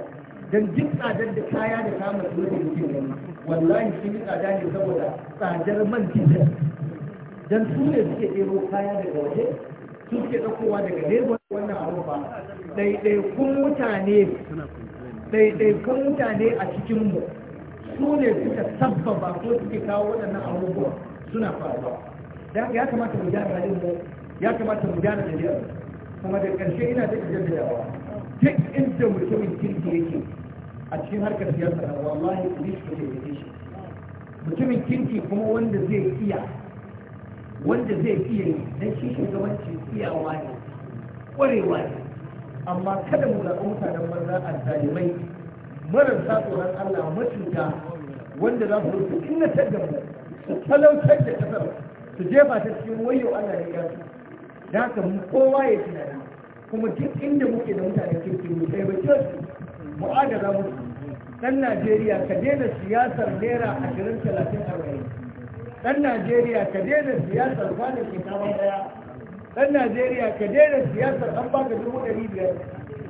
don duk tsadar da kaya da kama su ne mutum ne wallahi sun yi tsada ne saboda tsadar man diesel dan su ne suke ɗebo kaya daga waje su suke ɗaukowa daga lagos wannan abu ba ɗaiɗaikun mutane ɗaiɗaikun mutane a cikinmu su ne suka sabbaba ko suke kawo waɗannan abubuwa suna faruwa da haka ya kamata mu gyara halin mu ya kamata mu gyara tafiyar kuma da ƙarshe ina da yawa duk inda mutumin kirki yake a cikin harkar siyasa wallahi police ko zai yi shi mutumin kirki kuma wanda zai iya wanda zai iya yi dan shi shugabanci iyawa ne kwarewa ne amma kada mu zaɓi mutanen banza a zalimai marasa tsoron Allah mutunta wanda za su rufe innatar da mu su talautar da kasar su jefa ta cikin wayo Allah ne ya da haka kowa ya tunani kuma duk inda muke da mutane kirki mu sai ba mu'adara mutu dan najeriya ka daina siyasar naira a ashirin talatin arba'in dan najeriya ka daina siyasar bada shekara daya dan najeriya ka daina siyasar an baka dubu ɗari biyar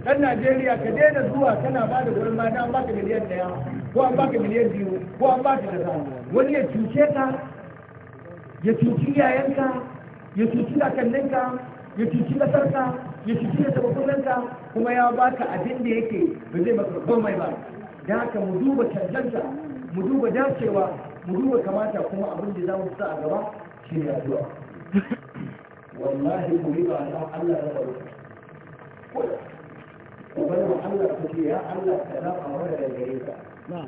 dan najeriya ka daina zuwa kana ba da gurin mata an baka miliyan daya ko an baka miliyan biyu ko an baka kaza wani ya cuce ka ya cuci iyayenka ya cuci kakanninka ya cuci ƙasarka ya shige da kuɗinka kuma ya baka abin da yake ba zai maka mai ba da haka mu duba cancanta mu duba dacewa mu duba kamata kuma abin da za mu sa a gaba shi ne addu'a wallahi ku riba na Allah ya faru ku bar wa Allah ku ce ya Allah ka na fara da gare ka da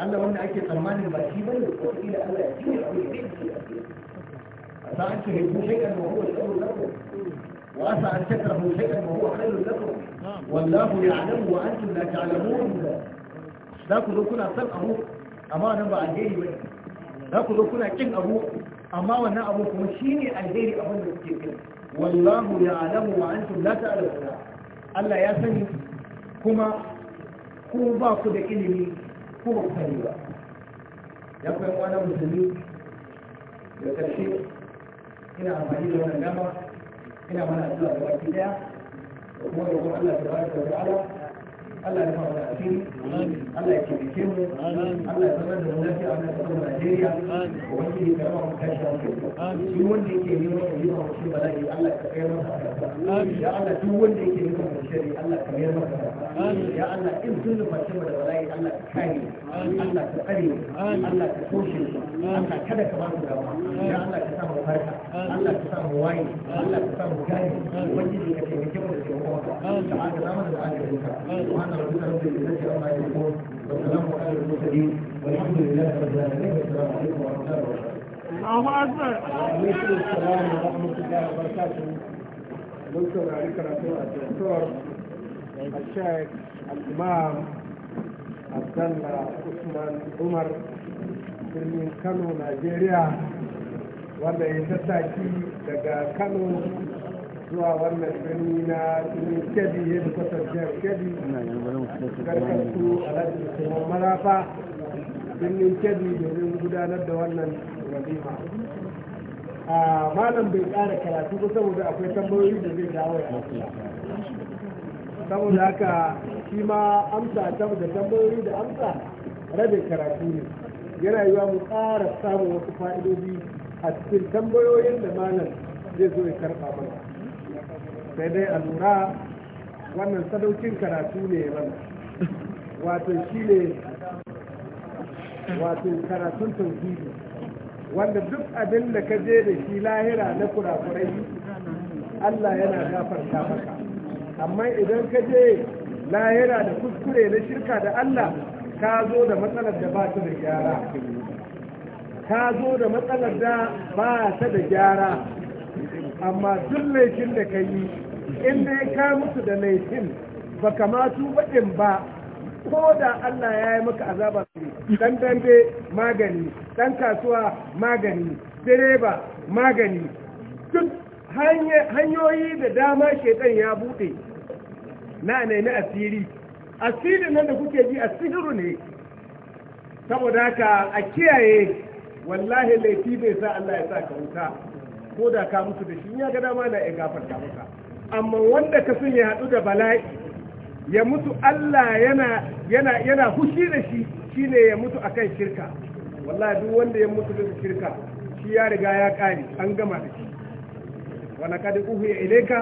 Allah wanda ake tsammanin ba shi bane ko da Allah ya ji abin da yake a cikin a sa'an ce ku sai shekar mu ko shi Allah وأسعى كثره شيئا وهو خير لكم نعم. والله يعلم وأنتم لا تعلمون لا كذو كنا صل أبو أما نبع الجيري منه لا كذو كنا كن أبو أما ونا أبو كمشيني الجيري أبو نبتك والله يعلم وأنتم لا تعلمون ألا ياسني كما كو باكو دكيني كو بخاريوا يقول أنا مسلمين يا تشيخ هنا عمالي لنا نمر ina mana da baki daya da kuma da kuma Allah tabaraka wa ta'ala Allah ya fara da shi Allah ya taimake mu Allah ya sanar da mu lafiya a cikin Najeriya wanda ya karba mu kashi da mu shi wanda yake neman ya yi wa shi bala'i Allah ya kai masa ya Allah duk wanda yake shari Allah masa ya Allah in sun shi da Allah kare Allah Allah toshe Allah kada ka ba su dama ya Allah ka farka Allah ka waye Allah ka mu da ta'ala da da ربك رب العزة عما يقول والسلام على المرسلين والحمد لله رب العالمين والسلام عليكم ورحمة الله وبركاته. الله أكبر. وعليكم السلام ورحمة الله وبركاته. دكتور علي كراتو الدكتور الشيخ الإمام عبد الله عثمان عمر birnin Kano, Najeriya, wanda ya tattaki daga Kano zuwa wannan birni na kebbi ya da kasar jihar kebbi karkatu alhaji musamman marafa birnin kebbi domin gudanar da wannan walima a malam bai ƙara karatu ba saboda akwai tambayoyi da zai dawo ya saboda haka shi ma amsa da tambayoyi da amsa rabin karatu ne yana yiwa mu ƙara samun wasu fa'idodi a cikin tambayoyin da malam zai zo ya karɓa mana sai dai a lura wannan sadaukin karatu ne ran wato shi ne wato karatun tauhidi wanda duk abin da ka je da shi lahira na kurakurai Allah yana gafarta maka amma idan ka je lahira da kuskure na shirka da Allah ka zo da matsalar da ba ta da gyara ka zo da matsalar da ba ta da gyara amma duk laifin da ka yi in dai ka mutu da laifin ba kamatu baɗin ba ko da Allah ya yi maka azaba dan dambe magani dan kasuwa magani direba magani duk hanyoyi da dama shekan ya buɗe na na asiri Asiri nan da kuke ji asiru ne saboda haka a kiyaye wallahi laifi bai sa Allah ya sa ka wuta ko da ka mutu da shi ya ga dama na iya gafarta maka amma wanda ka sun ya haɗu da bala'i ya mutu Allah yana yana yana hushi da shi shine ya mutu akan shirka wallahi duk wanda ya mutu da shirka shi ya riga ya kare an gama da shi wa laqad uhiya ilayka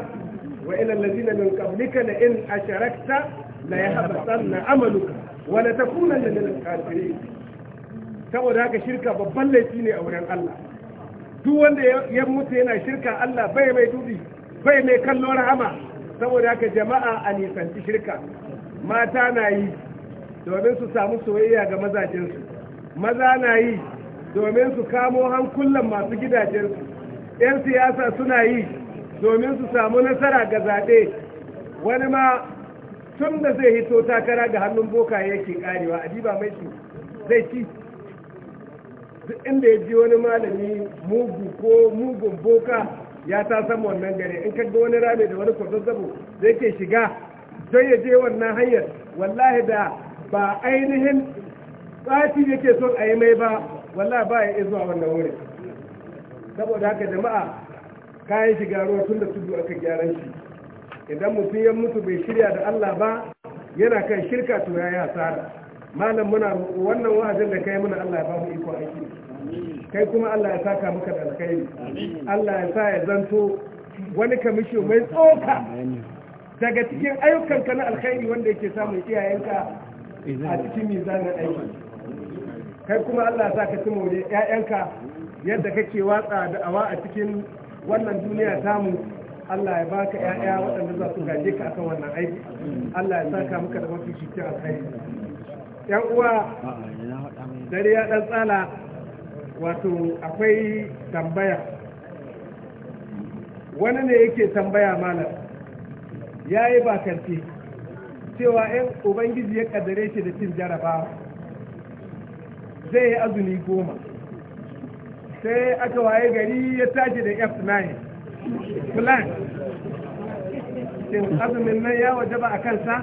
wa ila allazina min qablika la in asharakta la yahbatanna amaluka wa la takunanna min al-kafirin saboda haka shirka babban laifi ne a wurin Allah duk wanda ya mutu yana shirka Allah bai mai dubi bai mai kallo rahama saboda haka jama'a a nisanci shirka mata na yi domin su samu soyayya ga mazajensu maza na yi domin su kamo hankulan masu gidajensu 'yan siyasa suna yi domin su samu nasara ga zaɓe wani ma tun da zai hito takara ga hannun boka yake karewa a adiba mai su zai ci duk inda ya ji wani malami mugu ko mugun boka ya ta samu wannan gari in ka ga wani rami da wani zabo da ke shiga don ya je wannan hanyar wallahi da ba ainihin tsafi yake son a yi mai ba wallahi ba ya iya zuwa wannan wurin saboda haka jama'a kayan shiga ruwa tun da tudu aka gyaran shi idan mutum ya mutu bai shirya da allah ba yana kan shirka to ya hasara malam muna wannan wa'azin da kai muna Allah ya ba mu iko aiki kai kuma Allah ya saka muka da alkhairi Allah ya sa ya zanto wani kamishi mai tsoka daga cikin ayyukan ka na alkhairi wanda yake samun iyayenka a cikin mizanin aiki kai kuma Allah ya sa ka cimo ne ƴaƴanka yadda kake watsa da awa a cikin wannan duniya tamu Allah ya baka ƴaƴa waɗanda za su gaje ka akan wannan aiki Allah ya saka muka da mafi cikin alkhairi yan uwa dare ya dan tsala wato akwai tambaya wani ne yake tambaya malam ya yi bakarfi cewa yan ubangiji ya kaddare shi da cin jarabawa zai yi azumi goma sai aka waye gari ya tashi da f9 plan shin azumin nan ya waje ba a kansa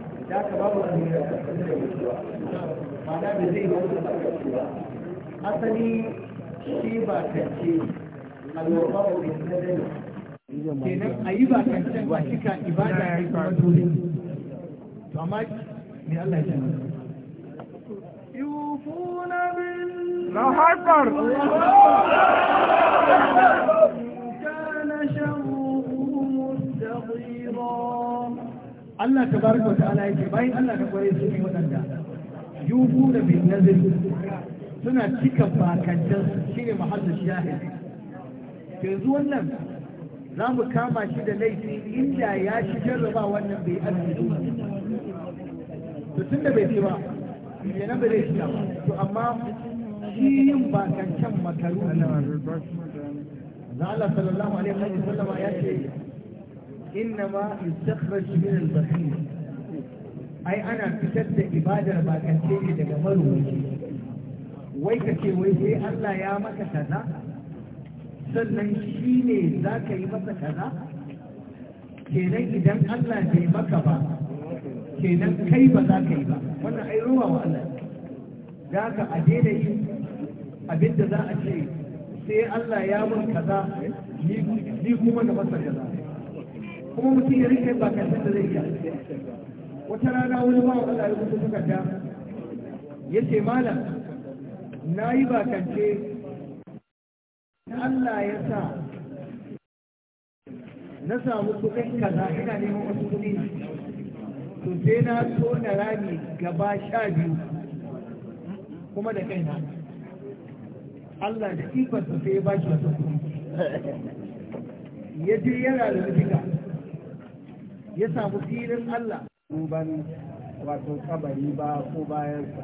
da aka babu amira da mutuwa ma'ana da zai wani da mutuwa asali shi ba kance alwaba wa bin nadari kenan a yi ba kance ba cika ibada ne kuma dole to amma me Allah ya tana yufuna bin na haifar كان شره مستغيرا Allah ta baraka wa ta'ala yake bayan Allah ta kware su ne waɗanda yubu da bin nazir suna cika bakancan shi ne mahallin shahid yanzu wannan za mu kama shi da laifi inda ya shi jarraba wannan bai arziki to tun da bai ci ba kenan bai zai shiga to amma shi yin bakancan makaru Allah sallallahu alaihi wa sallam ya ce إنما يستخرج من البخيل أي أنا كتبت إبادة باكتيني دقمر وجي ويكتي ويكي ألا يا مك كذا sannan shi ne za ka yi masa kaza kenan idan Allah bai maka ba kenan kai ba za ka yi ba wannan ai wa Allah za ka a daina za a ce sai Allah ya mun kaza ni kuma na masa kaza kuma mutum ya rike ba karshen da zai iya wata rana wani bawa Allah su suka ta ya ce malam na yi bakance Allah ya sa na samu kuɗin kaza ina neman wasu kuɗi to sai na tona rami gaba sha biyu kuma da kaina Allah da su sai ya ba shi wasu kuɗi ya je yana da rufika ya samu filin Allah ni wato kabari ba ko bayansa